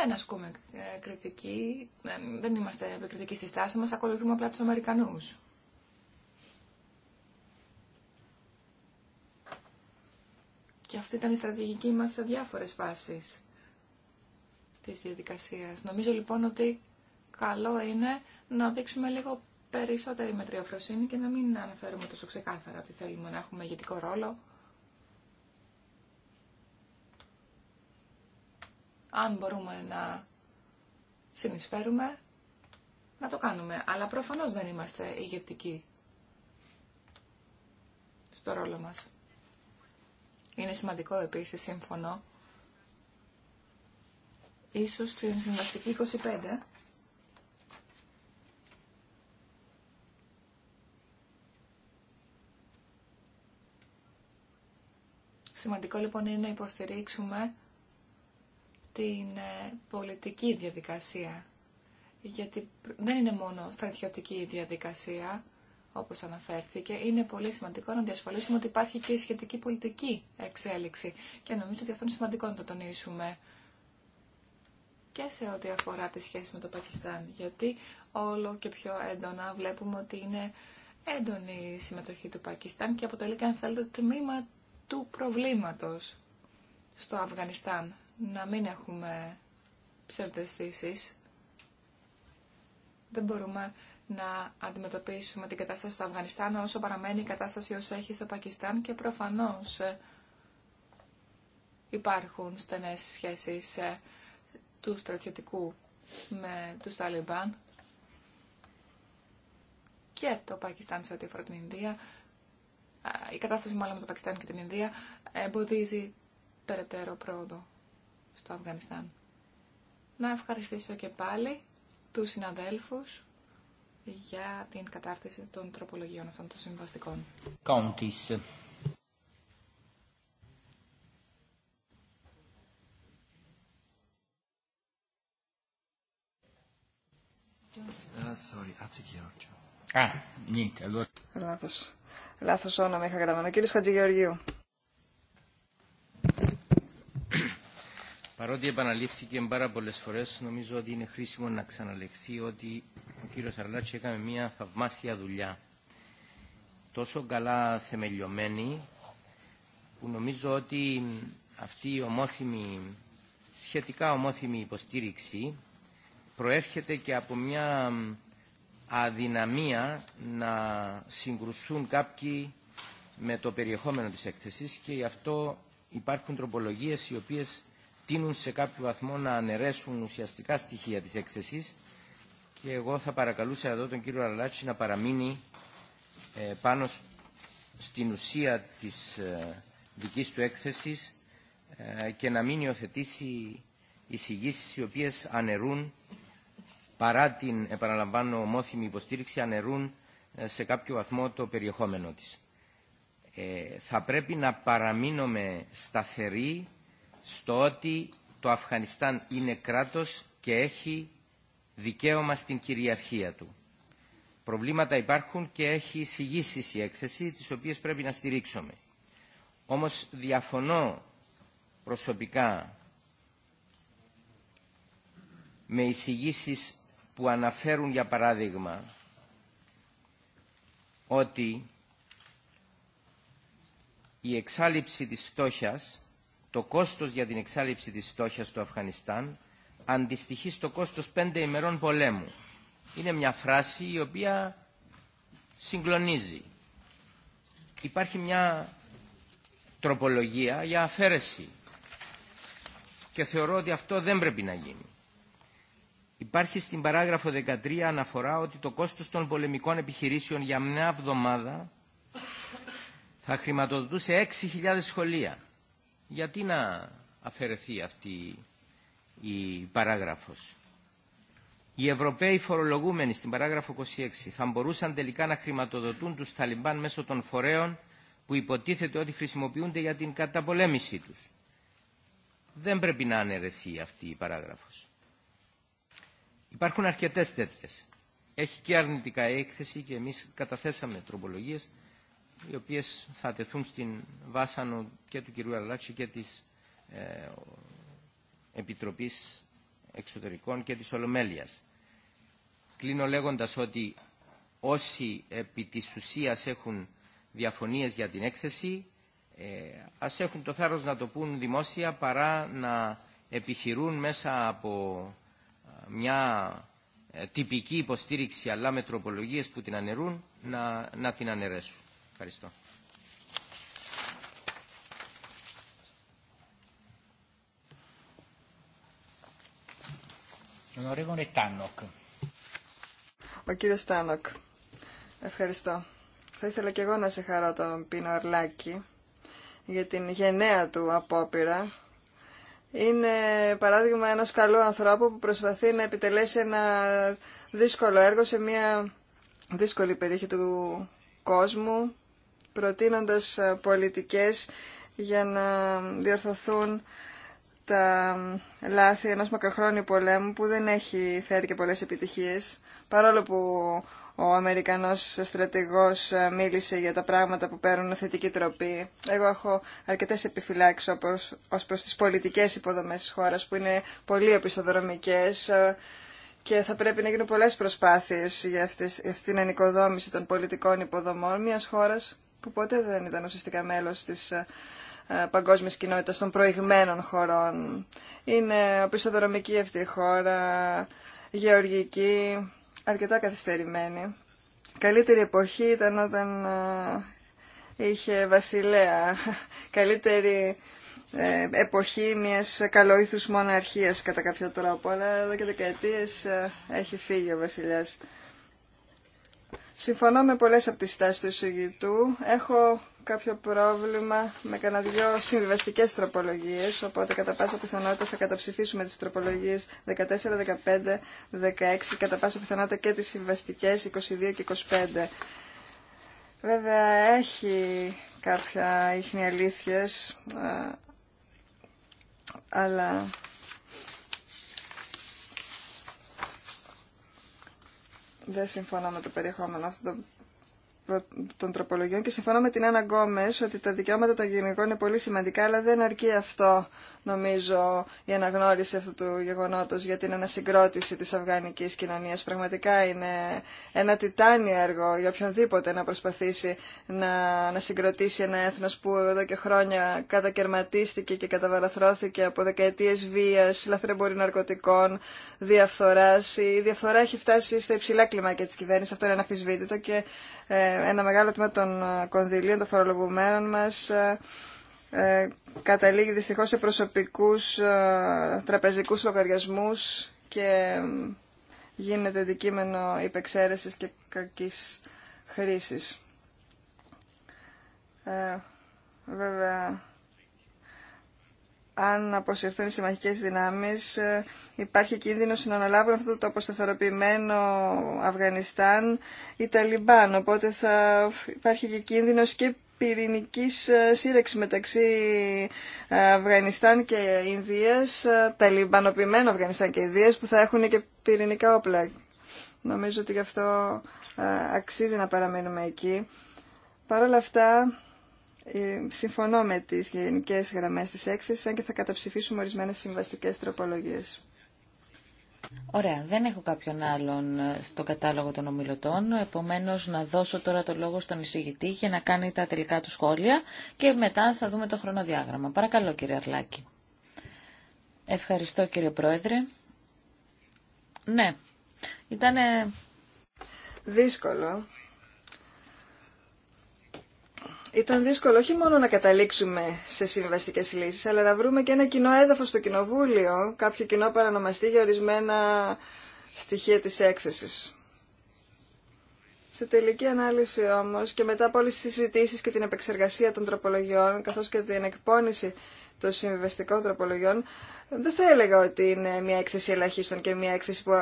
δεν ασκούμε ε, κριτική, ε, δεν είμαστε επικριτικοί στη στάση μας, ακολουθούμε απλά τους Αμερικανούς. Και αυτή ήταν η στρατηγική μας σε διάφορες φάσεις της διαδικασίας. Νομίζω λοιπόν ότι καλό είναι να δείξουμε λίγο περισσότερη μετριοφροσύνη και να μην αναφέρουμε τόσο ξεκάθαρα ότι θέλουμε να έχουμε ηγετικό ρόλο Αν μπορούμε να συνεισφέρουμε, να το κάνουμε. Αλλά προφανώς δεν είμαστε ηγετικοί στο ρόλο μας. Είναι σημαντικό επίσης, σύμφωνο, ίσως στην συμβαστική 25, Σημαντικό λοιπόν είναι να υποστηρίξουμε την ε, πολιτική διαδικασία. Γιατί δεν είναι μόνο στρατιωτική διαδικασία, όπως αναφέρθηκε, είναι πολύ σημαντικό να διασφαλίσουμε ότι υπάρχει και η σχετική πολιτική εξέλιξη. Και νομίζω ότι αυτό είναι σημαντικό να το τονίσουμε και σε ό,τι αφορά τη σχέση με το Πακιστάν. Γιατί όλο και πιο έντονα βλέπουμε ότι είναι έντονη η συμμετοχή του Πακιστάν και αποτελεί, αν θέλετε, τμήμα του προβλήματος στο Αφγανιστάν να μην έχουμε ψευδεστήσεις. Δεν μπορούμε να αντιμετωπίσουμε την κατάσταση στο Αφγανιστάν όσο παραμένει η κατάσταση όσο έχει στο Πακιστάν και προφανώς ε, υπάρχουν στενές σχέσεις ε, του στρατιωτικού με του Ταλιμπάν και το Πακιστάν σε ό,τι αφορά την Ινδία. Ε, η κατάσταση μάλλον με το Πακιστάν και την Ινδία εμποδίζει περαιτέρω πρόοδο στο Αφγανιστάν. Να ευχαριστήσω και πάλι τους συναδέλφους για την κατάρτιση των τροπολογιών αυτών των συμβαστικών. Κόντις. Ah, Α, Λάθος. Λάθος όνομα είχα γραμμένο. Κύριος Χατζηγεωργίου. Παρότι επαναλήφθηκε πάρα πολλέ φορέ, νομίζω ότι είναι χρήσιμο να ξαναλεχθεί ότι ο κύριο Αρλάτση έκανε μια θαυμάσια δουλειά. Τόσο καλά θεμελιωμένη, που νομίζω ότι αυτή η ομόθυμη, σχετικά ομόθυμη υποστήριξη προέρχεται και από μια αδυναμία να συγκρουστούν κάποιοι με το περιεχόμενο της έκθεσης και γι' αυτό υπάρχουν τροπολογίες οι οποίες τείνουν σε κάποιο βαθμό να αναιρέσουν ουσιαστικά στοιχεία της έκθεσης και εγώ θα παρακαλούσα εδώ τον κύριο Αρλάτσι να παραμείνει ε, πάνω στην ουσία της ε, δικής του έκθεσης ε, και να μην υιοθετήσει εισηγήσεις οι οποίες αναιρούν, παρά την, επαναλαμβάνω, ομόθυμη υποστήριξη, αναιρούν σε κάποιο βαθμό το περιεχόμενο της. θα πρέπει να παραμείνουμε σταθεροί στο ότι το Αφγανιστάν είναι κράτος και έχει δικαίωμα στην κυριαρχία του. Προβλήματα υπάρχουν και έχει εισηγήσει η έκθεση, τις οποίες πρέπει να στηρίξουμε. Όμως διαφωνώ προσωπικά με εισηγήσει που αναφέρουν για παράδειγμα ότι η εξάλληψη της φτώχειας το κόστος για την εξάλληψη της φτώχειας του Αφγανιστάν αντιστοιχεί στο κόστος πέντε ημερών πολέμου. Είναι μια φράση η οποία συγκλονίζει. Υπάρχει μια τροπολογία για αφαίρεση και θεωρώ ότι αυτό δεν πρέπει να γίνει. Υπάρχει στην παράγραφο 13 αναφορά ότι το κόστος των πολεμικών επιχειρήσεων για μια εβδομάδα θα χρηματοδοτούσε 6.000 σχολεία γιατί να αφαιρεθεί αυτή η παράγραφος. Οι Ευρωπαίοι φορολογούμενοι στην παράγραφο 26 θα μπορούσαν τελικά να χρηματοδοτούν τους Ταλιμπάν μέσω των φορέων που υποτίθεται ότι χρησιμοποιούνται για την καταπολέμησή τους. Δεν πρέπει να αναιρεθεί αυτή η παράγραφος. Υπάρχουν αρκετές τέτοιες. Έχει και αρνητικά έκθεση και εμείς καταθέσαμε τροπολογίες οι οποίες θα τεθούν στην βάσανο και του κυρίου Αρλάτσι και της ε, Επιτροπής Εξωτερικών και της Ολομέλειας. Κλείνω λέγοντας ότι όσοι επί της ουσίας έχουν διαφωνίες για την έκθεση ε, ας έχουν το θάρρος να το πούν δημόσια παρά να επιχειρούν μέσα από ε, μια ε, τυπική υποστήριξη αλλά με τροπολογίες που την αναιρούν να, να την αναιρέσουν. Ευχαριστώ. Ο κύριος Τάνοκ. Ευχαριστώ. Θα ήθελα και εγώ να σε χαρώ τον Πίνο Αρλάκη για την γενναία του απόπειρα. Είναι παράδειγμα ενός καλού ανθρώπου που προσπαθεί να επιτελέσει ένα δύσκολο έργο σε μια δύσκολη περιοχή του κόσμου προτείνοντας ε, πολιτικές για να διορθωθούν τα λάθη ενός μακροχρόνιου πολέμου που δεν έχει φέρει και πολλές επιτυχίες παρόλο που ο Αμερικανός στρατηγός ε, μίλησε για τα πράγματα που παίρνουν θετική τροπή. Εγώ έχω αρκετές επιφυλάξεις όπως, ως προς τις πολιτικές υποδομές της χώρας που είναι πολύ επιστοδρομικές ε, και θα πρέπει να γίνουν πολλές προσπάθειες για, για αυτήν την ανοικοδόμηση των πολιτικών υποδομών μιας χώρας που ποτέ δεν ήταν ουσιαστικά μέλος της ε, ε, παγκόσμια κοινότητα των προηγμένων χωρών. Είναι οπισθοδρομική αυτή η χώρα, γεωργική, αρκετά καθυστερημένη. Καλύτερη εποχή ήταν όταν ε, είχε βασιλέα. Καλύτερη εποχή μιας καλοήθους μοναρχίας κατά κάποιο τρόπο, αλλά εδώ και δεκαετίες έχει φύγει ο βασιλιάς. Συμφωνώ με πολλές από τις στάσεις του εισηγητού. Έχω κάποιο πρόβλημα με κανένα δυο συμβιβαστικές τροπολογίες, οπότε κατά πάσα πιθανότητα θα καταψηφίσουμε τις τροπολογίες 14, 15, 16 και κατά πάσα πιθανότητα και τις συμβαστικές 22 και 25. Βέβαια έχει κάποια ίχνη αλήθειες, αλλά Δεν συμφωνώ με το περιεχόμενο αυτό των τροπολογιών και συμφωνώ με την Άννα Γκόμες ότι τα δικαιώματα των γυναικών είναι πολύ σημαντικά αλλά δεν αρκεί αυτό νομίζω η αναγνώριση αυτού του γεγονότος για την ανασυγκρότηση της αυγανικής κοινωνίας. Πραγματικά είναι ένα τιτάνιο έργο για οποιονδήποτε να προσπαθήσει να ανασυγκροτήσει ένα έθνος που εδώ και χρόνια κατακαιρματίστηκε και καταβαραθρώθηκε από δεκαετίες βίας, λαθρεμπορή ναρκωτικών, διαφθοράς. Η διαφθορά έχει φτάσει στα υψηλά κλιμάκια τη κυβέρνηση, αυτό είναι αναφυσβήτητο και ε, ένα μεγάλο τμήμα των ε, κονδυλίων των φορολογουμένων μας ε, καταλήγει δυστυχώς σε προσωπικούς τραπεζικούς λογαριασμούς και γίνεται αντικείμενο υπεξαίρεσης και κακής χρήσης. βέβαια, αν αποσυρθούν οι συμμαχικέ δυνάμεις, ε, υπάρχει κίνδυνος να αναλάβουν αυτό το αποσταθεροποιημένο Αφγανιστάν ή Ταλιμπάν. Οπότε θα υπάρχει και κίνδυνος και πυρηνική ε, σύρεξη μεταξύ ε, Αφγανιστάν και Ινδίας, ταλιμπανοποιημένο Αφγανιστάν και Ινδίας, που θα έχουν και πυρηνικά όπλα. Νομίζω ότι γι' αυτό αξίζει να παραμείνουμε εκεί. Παρ' όλα αυτά, ε, συμφωνώ με τις γενικές γραμμές της έκθεσης, αν και θα καταψηφίσουμε ορισμένε συμβαστικές τροπολογίες. Ωραία, δεν έχω κάποιον άλλον ε, στο κατάλογο των ομιλωτών, επομένως να δώσω τώρα το λόγο στον εισηγητή για να κάνει τα τελικά του σχόλια και μετά θα δούμε το χρονοδιάγραμμα. Παρακαλώ κύριε Αρλάκη. Ευχαριστώ κύριε Πρόεδρε. Ναι, ήταν δύσκολο ήταν δύσκολο όχι μόνο να καταλήξουμε σε συμβαστικέ λύσει, αλλά να βρούμε και ένα κοινό έδαφο στο Κοινοβούλιο, κάποιο κοινό παρανομαστή για ορισμένα στοιχεία τη έκθεση. Σε τελική ανάλυση όμω και μετά από όλε τι συζητήσει και την επεξεργασία των τροπολογιών, καθώ και την εκπόνηση των συμβιβαστικών τροπολογιών, δεν θα έλεγα ότι είναι μια έκθεση ελαχίστων και μια έκθεση που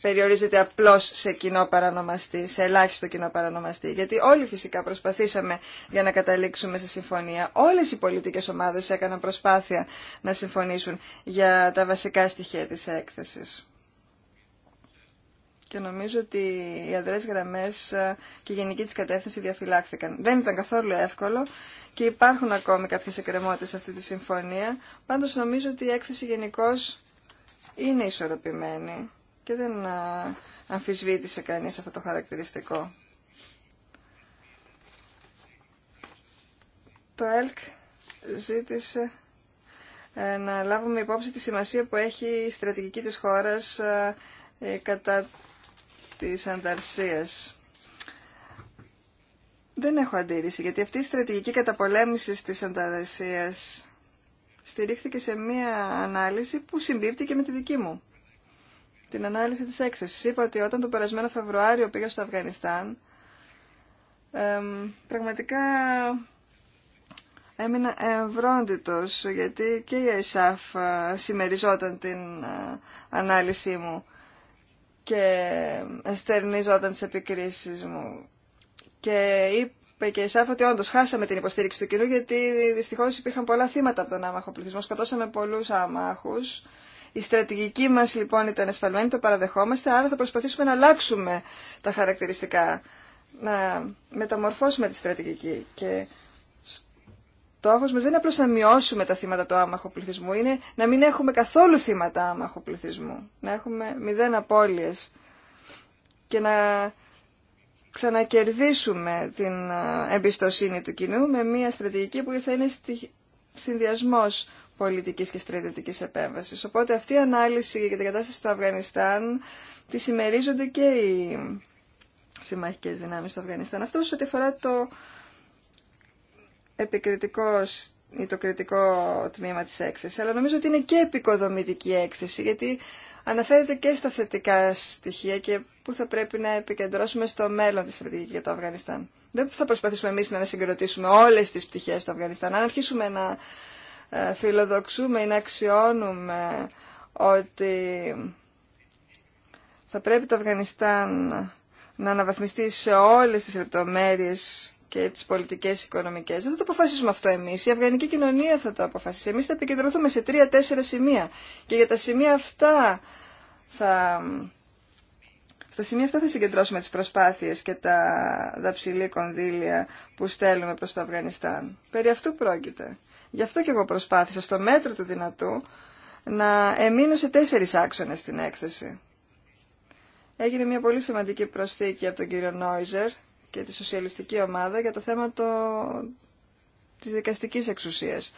περιορίζεται απλώς σε κοινό παρανομαστή, σε ελάχιστο κοινό παρανομαστή. Γιατί όλοι φυσικά προσπαθήσαμε για να καταλήξουμε σε συμφωνία. Όλες οι πολιτικές ομάδες έκαναν προσπάθεια να συμφωνήσουν για τα βασικά στοιχεία της έκθεσης και νομίζω ότι οι αδρές γραμμές ε, και η γενική της κατεύθυνση διαφυλάχθηκαν. Δεν ήταν καθόλου εύκολο και υπάρχουν ακόμη κάποιες εκκρεμότητες σε αυτή τη συμφωνία. Πάντως νομίζω ότι η έκθεση γενικώ είναι ισορροπημένη και δεν ε, αμφισβήτησε κανείς αυτό το χαρακτηριστικό. Το ΕΛΚ ζήτησε ε, να λάβουμε υπόψη τη σημασία που έχει η στρατηγική της χώρας κατά της ανταρσίας. Δεν έχω αντίρρηση, γιατί αυτή η στρατηγική καταπολέμησης της ανταρσίας στηρίχθηκε σε μία ανάλυση που συμπίπτει και με τη δική μου. Την ανάλυση της έκθεσης. Είπα ότι όταν το περασμένο Φεβρουάριο πήγα στο Αφγανιστάν, πραγματικά έμεινα ευρόντιτος, γιατί και η ΑΕΣΑΦ ε, συμμεριζόταν την ε, ανάλυση μου και εστερνίζονταν τις επικρίσεις μου. Και είπε και η Σάφα ότι όντως χάσαμε την υποστήριξη του κοινού γιατί δυστυχώς υπήρχαν πολλά θύματα από τον άμαχο πληθυσμό. Σκοτώσαμε πολλούς άμαχους. Η στρατηγική μας λοιπόν ήταν εσφαλμένη, το παραδεχόμαστε, άρα θα προσπαθήσουμε να αλλάξουμε τα χαρακτηριστικά, να μεταμορφώσουμε τη στρατηγική. Και το άγχος μας δεν είναι απλώς να μειώσουμε τα θύματα του άμαχου πληθυσμού, είναι να μην έχουμε καθόλου θύματα άμαχου πληθυσμού, να έχουμε μηδέν απώλειες και να ξανακερδίσουμε την ε, εμπιστοσύνη του κοινού με μια στρατηγική που θα είναι συνδυασμό πολιτικής και στρατιωτικής επέμβασης. Οπότε αυτή η ανάλυση για την κατάσταση του Αφγανιστάν τη συμμερίζονται και οι συμμαχικές δυνάμεις του Αφγανιστάν. Αυτό ό,τι αφορά το επικριτικός ή το κριτικό τμήμα της έκθεσης, αλλά νομίζω ότι είναι και επικοδομητική έκθεση, γιατί αναφέρεται και στα θετικά στοιχεία και που θα πρέπει να επικεντρώσουμε στο μέλλον τη στρατηγική για το Αφγανιστάν. Δεν θα προσπαθήσουμε εμείς να συγκροτήσουμε όλες τις πτυχές του Αφγανιστάν. Αν αρχίσουμε να ε, φιλοδοξούμε ή να αξιώνουμε ότι θα πρέπει το Αφγανιστάν να αναβαθμιστεί σε όλες τις λεπτομέρειες και τις πολιτικές οικονομικές. Δεν θα το αποφασίσουμε αυτό εμείς. Η αφγανική κοινωνία θα το αποφασίσει. Εμείς θα επικεντρωθούμε σε τρία-τέσσερα σημεία. Και για τα σημεία αυτά θα... Στα σημεία αυτά θα συγκεντρώσουμε τις προσπάθειες και τα δαψιλή κονδύλια που στέλνουμε προς το Αφγανιστάν. Περί αυτού πρόκειται. Γι' αυτό και εγώ προσπάθησα στο μέτρο του δυνατού να εμείνω σε τέσσερις άξονες στην έκθεση. Έγινε μια πολύ σημαντική προσθήκη από τον κύριο Νόιζερ και τη σοσιαλιστική ομάδα για το θέμα το... της δικαστικής εξουσίας,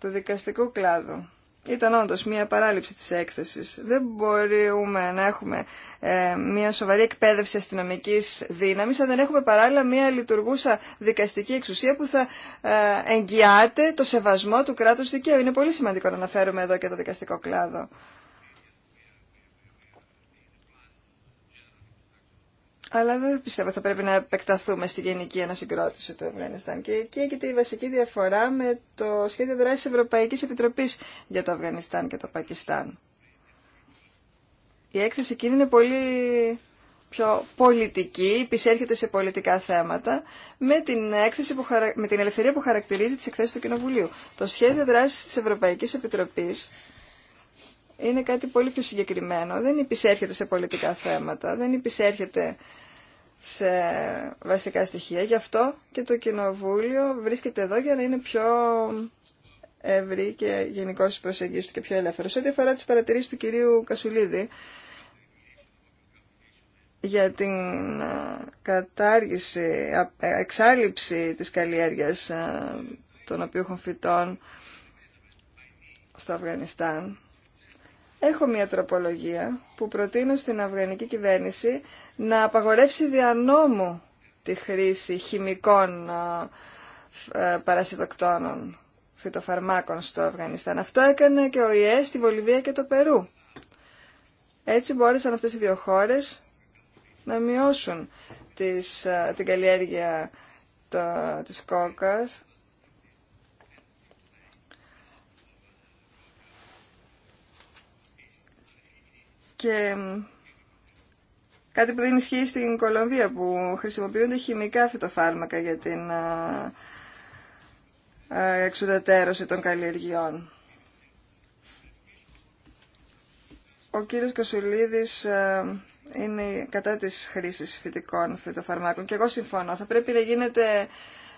του δικαστικού κλάδου. Ήταν όντως μια παράληψη της έκθεσης. Δεν μπορούμε να έχουμε ε, μια σοβαρή εκπαίδευση αστυνομική δύναμης αν δεν έχουμε παράλληλα μια λειτουργούσα δικαστική εξουσία που θα ε, εγγυάται το σεβασμό του κράτους δικαίου. Είναι πολύ σημαντικό να αναφέρουμε εδώ και το δικαστικό κλάδο. αλλά δεν πιστεύω θα πρέπει να επεκταθούμε στη γενική ανασυγκρότηση του Αφγανιστάν. Και εκεί έγινε η βασική διαφορά με το σχέδιο δράσης Ευρωπαϊκή Επιτροπή για το Αφγανιστάν και το Πακιστάν. Η έκθεση εκείνη είναι πολύ πιο πολιτική, επισέρχεται σε πολιτικά θέματα, με την, έκθεση με την ελευθερία που χαρακτηρίζει τις εκθέσεις του Κοινοβουλίου. Το σχέδιο δράσης της Ευρωπαϊκής Επιτροπής είναι κάτι πολύ πιο συγκεκριμένο. Δεν υπησέρχεται σε πολιτικά θέματα, δεν επισέρχεται σε βασικά στοιχεία. Γι' αυτό και το Κοινοβούλιο βρίσκεται εδώ για να είναι πιο ευρύ και γενικώ τη του και πιο ελεύθερο. Σε ό,τι αφορά τι παρατηρήσει του κυρίου Κασουλίδη για την ε, κατάργηση, ε, εξάλληψη της καλλιέργειας ε, των οποίων φυτών στο Αφγανιστάν. Έχω μια τροπολογία που προτείνω στην αφγανική κυβέρνηση να απαγορεύσει δια νόμου τη χρήση χημικών παρασιτοκτόνων φυτοφαρμάκων στο Αφγανιστάν. Αυτό έκανε και ο ΙΕ στη Βολιβία και το Περού. Έτσι μπόρεσαν αυτές οι δύο χώρες να μειώσουν τις, την καλλιέργεια το, της κόκας και Κάτι που δεν ισχύει στην Κολομβία που χρησιμοποιούνται χημικά φυτοφάρμακα για την εξουδετερώση των καλλιεργειών. Ο κύριος Κασουλίδης είναι κατά της χρήσης φυτικών φυτοφαρμάκων και εγώ συμφωνώ. Θα πρέπει να γίνεται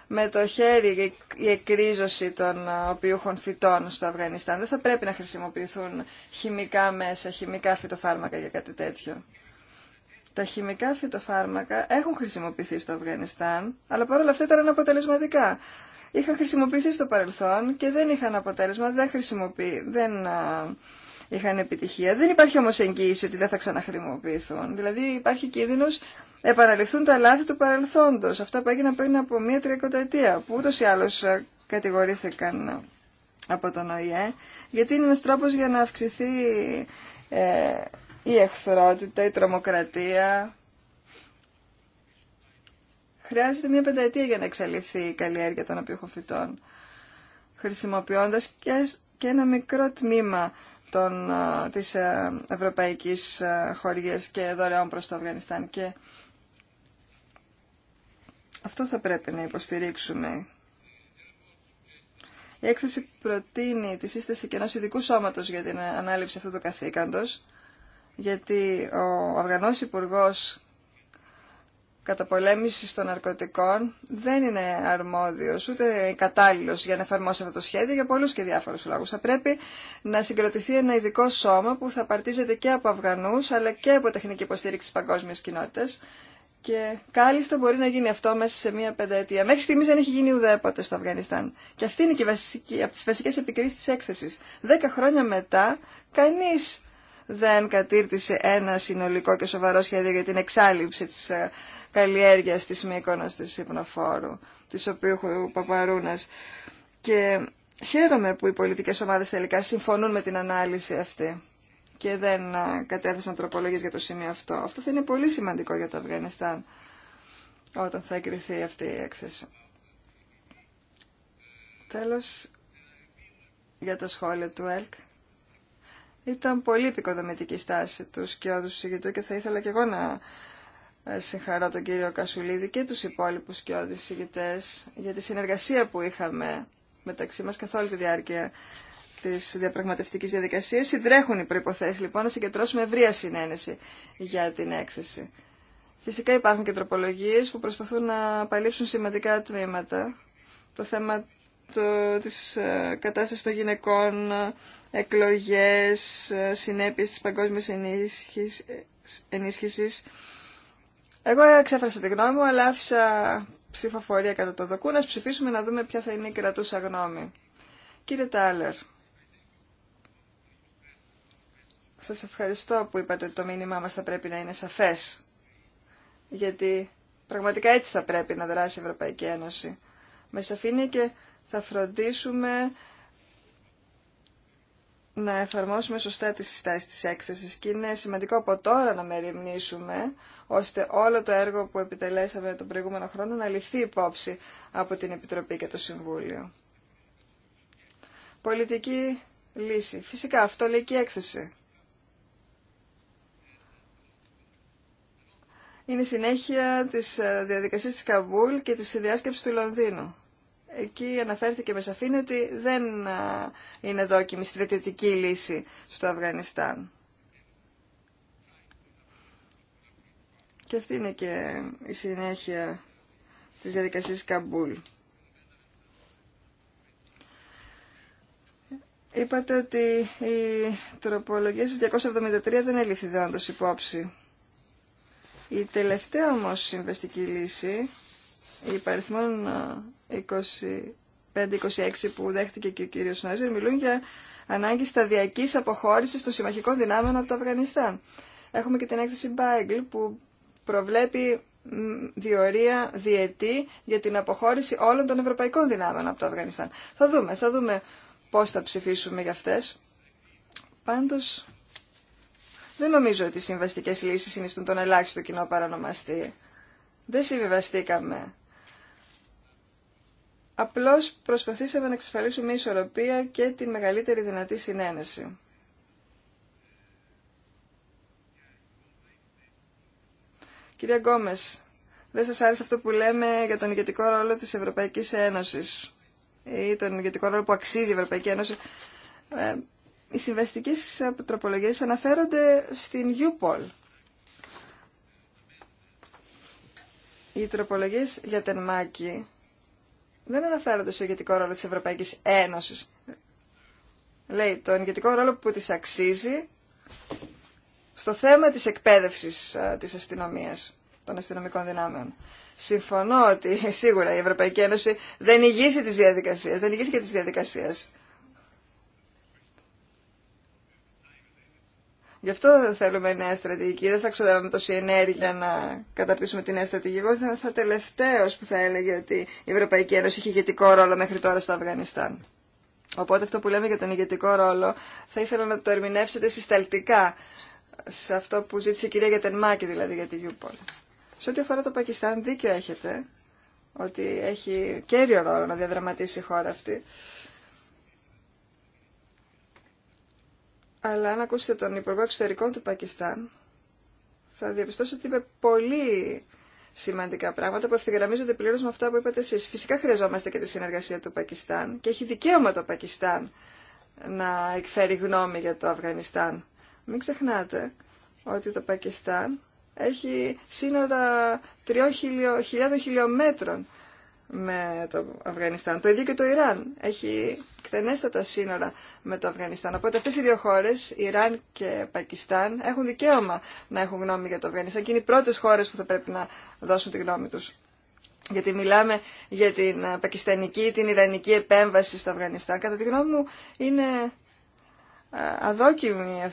με το χέρι η εκρίζωση των οποίουχων φυτών στο Αφγανιστάν. Δεν θα πρέπει να χρησιμοποιηθούν χημικά μέσα, χημικά φυτοφάρμακα για κάτι τέτοιο. Τα χημικά φυτοφάρμακα έχουν χρησιμοποιηθεί στο Αφγανιστάν, αλλά παρόλα αυτά ήταν αποτελεσματικά. Είχαν χρησιμοποιηθεί στο παρελθόν και δεν είχαν αποτέλεσμα, δεν, χρησιμοποιη... δεν είχαν επιτυχία. Δεν υπάρχει όμως εγγύηση ότι δεν θα ξαναχρησιμοποιηθούν. Δηλαδή υπάρχει κίνδυνος επαναληφθούν τα λάθη του παρελθόντος. Αυτά που έγιναν πριν από μία τριακονταετία, που ούτως ή άλλως κατηγορήθηκαν από τον ΟΗΕ, γιατί είναι ένας τρόπο για να αυξηθεί ε, η εχθρότητα, η τρομοκρατία. Χρειάζεται μια πενταετία για να εξαλειφθεί η καλλιέργεια των φυτών, χρησιμοποιώντας και, και ένα μικρό τμήμα των, της ε, ευρωπαϊκής Χωριές και δωρεών προς το Αφγανιστάν. Και αυτό θα πρέπει να υποστηρίξουμε. Η έκθεση προτείνει τη σύσταση και ενός ειδικού σώματος για την ανάληψη αυτού του καθήκαντος, γιατί ο Αφγανός υπουργό καταπολέμησης των ναρκωτικών δεν είναι αρμόδιος ούτε κατάλληλος για να εφαρμόσει αυτό το σχέδιο για πολλούς και διάφορους λόγους. Θα πρέπει να συγκροτηθεί ένα ειδικό σώμα που θα παρτίζεται και από Αφγανούς αλλά και από τεχνική υποστήριξη της παγκόσμιας κοινότητας και κάλλιστα μπορεί να γίνει αυτό μέσα σε μία πενταετία. Μέχρι στιγμή δεν έχει γίνει ουδέποτε στο Αφγανιστάν. Και αυτή είναι και η βασική, από τι βασικέ επικρίσει τη έκθεση. Δέκα χρόνια μετά, κανεί δεν κατήρτισε ένα συνολικό και σοβαρό σχέδιο για την εξάλληψη της ε, καλλιέργειας της Μύκονος της Υπνοφόρου, τη οποίου παπαρούνα. Και χαίρομαι που οι πολιτικές ομάδες τελικά συμφωνούν με την ανάλυση αυτή και δεν ε, κατέθεσαν τροπολογίε για το σημείο αυτό. Αυτό θα είναι πολύ σημαντικό για το Αφγανιστάν όταν θα εγκριθεί αυτή η έκθεση. Τέλος, για τα σχόλια του ΕΛΚ. Ήταν πολύ επικοδομητική στάση του σκιώδου συγητού και θα ήθελα και εγώ να ε, συγχαρώ τον κύριο Κασουλίδη και τους υπόλοιπους σκιώδους συγητές για τη συνεργασία που είχαμε μεταξύ μας καθ' όλη τη διάρκεια τη διαπραγματευτική διαδικασία. Συντρέχουν οι προποθέσει λοιπόν να συγκεντρώσουμε ευρεία συνένεση για την έκθεση. Φυσικά υπάρχουν και τροπολογίε που προσπαθούν να παλύψουν σημαντικά τμήματα. Το θέμα τη ε, κατάσταση των γυναικών, εκλογές, ε, συνέπειες της παγκόσμιας ενίσχυσης. Εγώ εξέφρασα τη γνώμη μου, αλλά άφησα ψηφοφορία κατά το δοκού. Να ψηφίσουμε να δούμε ποια θα είναι η κρατούσα γνώμη. Κύριε Τάλερ, σας ευχαριστώ που είπατε ότι το μήνυμά μας θα πρέπει να είναι σαφές. Γιατί πραγματικά έτσι θα πρέπει να δράσει η Ευρωπαϊκή Ένωση. Με σαφήνεια και θα φροντίσουμε να εφαρμόσουμε σωστά τις συστάσεις της έκθεσης και είναι σημαντικό από τώρα να μεριμνήσουμε ώστε όλο το έργο που επιτελέσαμε τον προηγούμενο χρόνο να ληφθεί υπόψη από την Επιτροπή και το Συμβούλιο. Πολιτική λύση. Φυσικά αυτό λέει και η έκθεση. Είναι συνέχεια της ε, διαδικασίας της Καμπούλ και της διάσκεψης του Λονδίνου εκεί αναφέρθηκε με σαφήνεια ότι δεν είναι δόκιμη στρατιωτική λύση στο Αφγανιστάν. Και αυτή είναι και η συνέχεια της διαδικασίας Καμπούλ. Είπατε ότι η τροπολογία 273 δεν έλειφθη δόντως υπόψη. Η τελευταία όμως συμβεστική λύση, η υπαριθμόν 25-26 που δέχτηκε και ο κύριος Νόιζερ μιλούν για ανάγκη σταδιακής αποχώρησης των συμμαχικών δυνάμεων από το Αφγανιστάν. Έχουμε και την έκθεση Μπάγκλ που προβλέπει διορία διετή για την αποχώρηση όλων των ευρωπαϊκών δυνάμεων από το Αφγανιστάν. Θα δούμε, θα δούμε πώς θα ψηφίσουμε για αυτές. Πάντως, δεν νομίζω ότι οι συμβαστικές λύσεις συνιστούν τον ελάχιστο κοινό παρανομαστή. Δεν συμβιβαστήκαμε Απλώς προσπαθήσαμε να εξασφαλίσουμε ισορροπία και τη μεγαλύτερη δυνατή συνένεση. Κυρία Γκόμες, δεν σας άρεσε αυτό που λέμε για τον ηγετικό ρόλο της Ευρωπαϊκής Ένωσης ή τον ηγετικό ρόλο που αξίζει η Ευρωπαϊκή Ένωση. Ε, οι συμβαστικές τροπολογίες αναφέρονται στην UPOL. Οι τροπολογίες για την δεν αναφέρονται στο ηγετικό ρόλο της Ευρωπαϊκής Ένωσης. Λέει το ηγετικό ρόλο που της αξίζει στο θέμα της εκπαίδευσης της αστυνομίας, των αστυνομικών δυνάμεων. Συμφωνώ ότι σίγουρα η Ευρωπαϊκή Ένωση δεν ηγήθηκε της διαδικασίας, δεν ηγήθηκε της διαδικασίας. Γι' αυτό δεν θέλουμε νέα στρατηγική. Δεν θα ξοδεύαμε τόση ενέργεια να καταρτήσουμε τη νέα στρατηγική. Εγώ θα ήμουν τελευταίο που θα έλεγε ότι η Ευρωπαϊκή Ένωση είχε ηγετικό ρόλο μέχρι τώρα στο Αφγανιστάν. Οπότε αυτό που λέμε για τον ηγετικό ρόλο θα ήθελα να το ερμηνεύσετε συσταλτικά σε αυτό που ζήτησε η κυρία Γετενμάκη δηλαδή για τη Γιούπολ. Σε ό,τι αφορά το Πακιστάν δίκιο έχετε ότι έχει κέριο ρόλο να διαδραματίσει η χώρα αυτή. Αλλά αν ακούσετε τον Υπουργό Εξωτερικών του Πακιστάν, θα διαπιστώσετε ότι είπε πολύ σημαντικά πράγματα που ευθυγραμμίζονται πλήρω με αυτά που είπατε εσεί. Φυσικά χρειαζόμαστε και τη συνεργασία του Πακιστάν και έχει δικαίωμα το Πακιστάν να εκφέρει γνώμη για το Αφγανιστάν. Μην ξεχνάτε ότι το Πακιστάν έχει σύνορα 3.000 χιλιομέτρων με το Αφγανιστάν. Το ίδιο και το Ιράν. Έχει εκτενέστατα σύνορα με το Αφγανιστάν. Οπότε αυτές οι δύο χώρες, Ιράν και Πακιστάν, έχουν δικαίωμα να έχουν γνώμη για το Αφγανιστάν και είναι οι πρώτες χώρες που θα πρέπει να δώσουν τη γνώμη τους. Γιατί μιλάμε για την ε, πακιστανική την ιρανική επέμβαση στο Αφγανιστάν. Κατά τη γνώμη μου είναι ε, αδόκιμη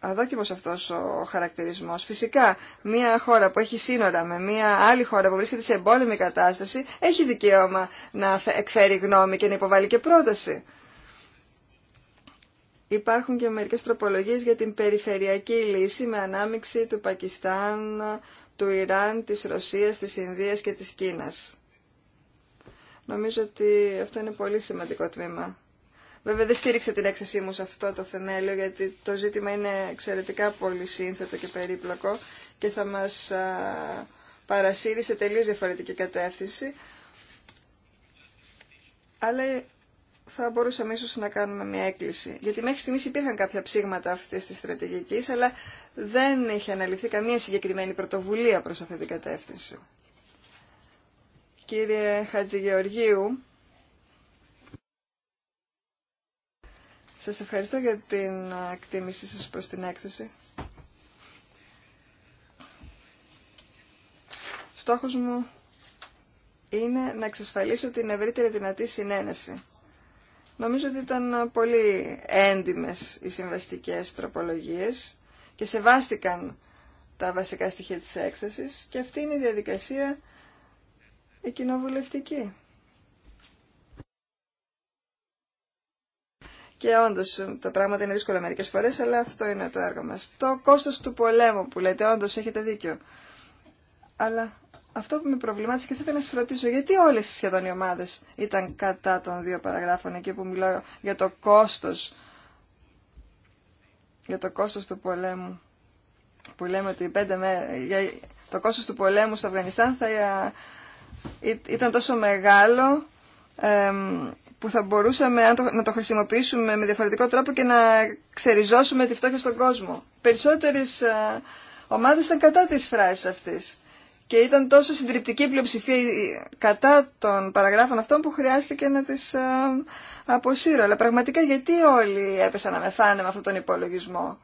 αδόκιμος αυτός ο χαρακτηρισμός. Φυσικά, μια χώρα που έχει σύνορα με μια άλλη χώρα που βρίσκεται σε εμπόλεμη κατάσταση, έχει δικαίωμα να εκφέρει γνώμη και να υποβάλει και πρόταση. Υπάρχουν και μερικές τροπολογίες για την περιφερειακή λύση με ανάμειξη του Πακιστάν, του Ιράν, της Ρωσίας, της Ινδίας και της Κίνας. Νομίζω ότι αυτό είναι πολύ σημαντικό τμήμα Βέβαια δεν στήριξα την έκθεσή μου σε αυτό το θεμέλιο γιατί το ζήτημα είναι εξαιρετικά πολύ σύνθετο και περίπλοκο και θα μας παρασύρει σε τελείως διαφορετική κατεύθυνση. Αλλά θα μπορούσαμε ίσως να κάνουμε μια έκκληση. Γιατί μέχρι στιγμής υπήρχαν κάποια ψήγματα αυτή της στρατηγικής, αλλά δεν είχε αναλυθεί καμία συγκεκριμένη πρωτοβουλία προς αυτή την κατεύθυνση. Κύριε Χατζηγεωργίου, Σας ευχαριστώ για την εκτίμησή σας προς την έκθεση. Στόχος μου είναι να εξασφαλίσω την ευρύτερη δυνατή συνένεση. Νομίζω ότι ήταν πολύ έντιμες οι συμβαστικές τροπολογίες και σεβάστηκαν τα βασικά στοιχεία της έκθεσης και αυτή είναι η διαδικασία η κοινοβουλευτική. Και όντω τα πράγματα είναι δύσκολα μερικέ φορέ, αλλά αυτό είναι το έργο μα. Το κόστο του πολέμου που λέτε, όντω έχετε δίκιο. Αλλά αυτό που με προβλημάτισε και θα να σα ρωτήσω, γιατί όλε σχεδόν οι ομάδε ήταν κατά των δύο παραγράφων εκεί που μιλάω για το κόστο για το κόστος του πολέμου που λέμε ότι το κόστος του πολέμου στο Αφγανιστάν θα ε, ε, ήταν τόσο μεγάλο που θα μπορούσαμε το, να το χρησιμοποιήσουμε με διαφορετικό τρόπο και να ξεριζώσουμε τη φτώχεια στον κόσμο. Περισσότερες α, ε, ομάδες ήταν κατά της φράσης αυτής και ήταν τόσο συντριπτική πλειοψηφία κατά των παραγράφων αυτών που χρειάστηκε να τις α, ε, αποσύρω. Αλλά πραγματικά γιατί όλοι έπεσαν να με φάνε με αυτόν τον υπολογισμό.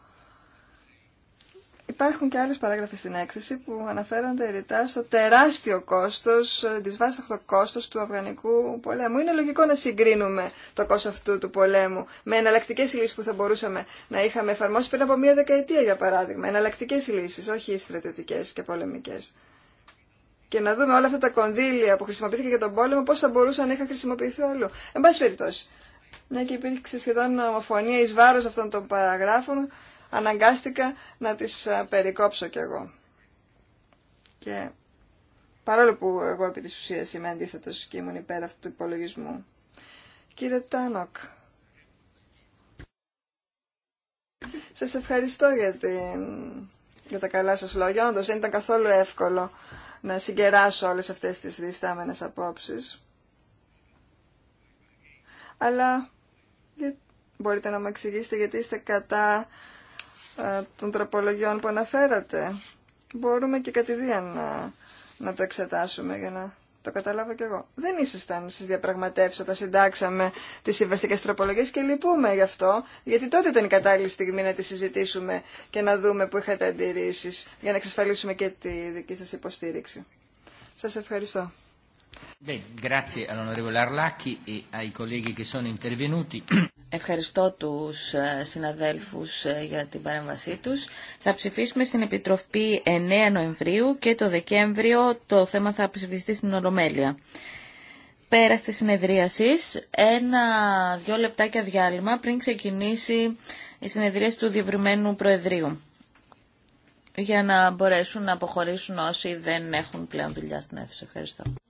Υπάρχουν και άλλες παράγραφοι στην έκθεση που αναφέρονται ρητά στο τεράστιο κόστος, δυσβάσταχτο κόστος του Αφγανικού πολέμου. Είναι λογικό να συγκρίνουμε το κόστος αυτού του πολέμου με εναλλακτικέ λύσεις που θα μπορούσαμε να είχαμε εφαρμόσει πριν από μία δεκαετία, για παράδειγμα. Εναλλακτικέ λύσεις, όχι στρατιωτικές και πολεμικές. Και να δούμε όλα αυτά τα κονδύλια που χρησιμοποιήθηκαν για τον πόλεμο, πώς θα μπορούσαν να είχαν χρησιμοποιηθεί όλου. Εν πάση περιπτώσει, μια ναι, και υπήρξε σχεδόν ομοφωνία εις βάρος αυτών των παραγράφων, αναγκάστηκα να τις ε, περικόψω κι εγώ. Και παρόλο που εγώ επί της ουσίας είμαι αντίθετος και ήμουν υπέρ αυτού του υπολογισμού. Κύριε Τάνοκ, σας ευχαριστώ για, για τα καλά σας λόγια. Όντως δεν ήταν καθόλου εύκολο να συγκεράσω όλες αυτές τις διστάμενες απόψεις. Αλλά μπορείτε να μου εξηγήσετε γιατί είστε κατά ε, των τροπολογιών που αναφέρατε. Μπορούμε και κατηδίαν ε, να, το εξετάσουμε για να το καταλάβω κι εγώ. Δεν ήσασταν στι διαπραγματεύσει όταν συντάξαμε τι συμβαστικέ τροπολογίε και λυπούμε γι' αυτό, γιατί τότε ήταν η κατάλληλη στιγμή να τι συζητήσουμε και να δούμε που είχατε αντιρρήσει για να εξασφαλίσουμε και τη δική σα υποστήριξη. Σα ευχαριστώ. Ευχαριστώ τους ε, συναδέλφους ε, για την παρέμβασή τους. Θα ψηφίσουμε στην Επιτροπή 9 Νοεμβρίου και το Δεκέμβριο το θέμα θα ψηφιστεί στην Ολομέλεια. Πέρα στη συνεδρίασης, ένα-δυο λεπτάκια διάλειμμα πριν ξεκινήσει η συνεδρίαση του Διευρυμένου Προεδρίου για να μπορέσουν να αποχωρήσουν όσοι δεν έχουν πλέον δουλειά στην αίθουσα. Ευχαριστώ.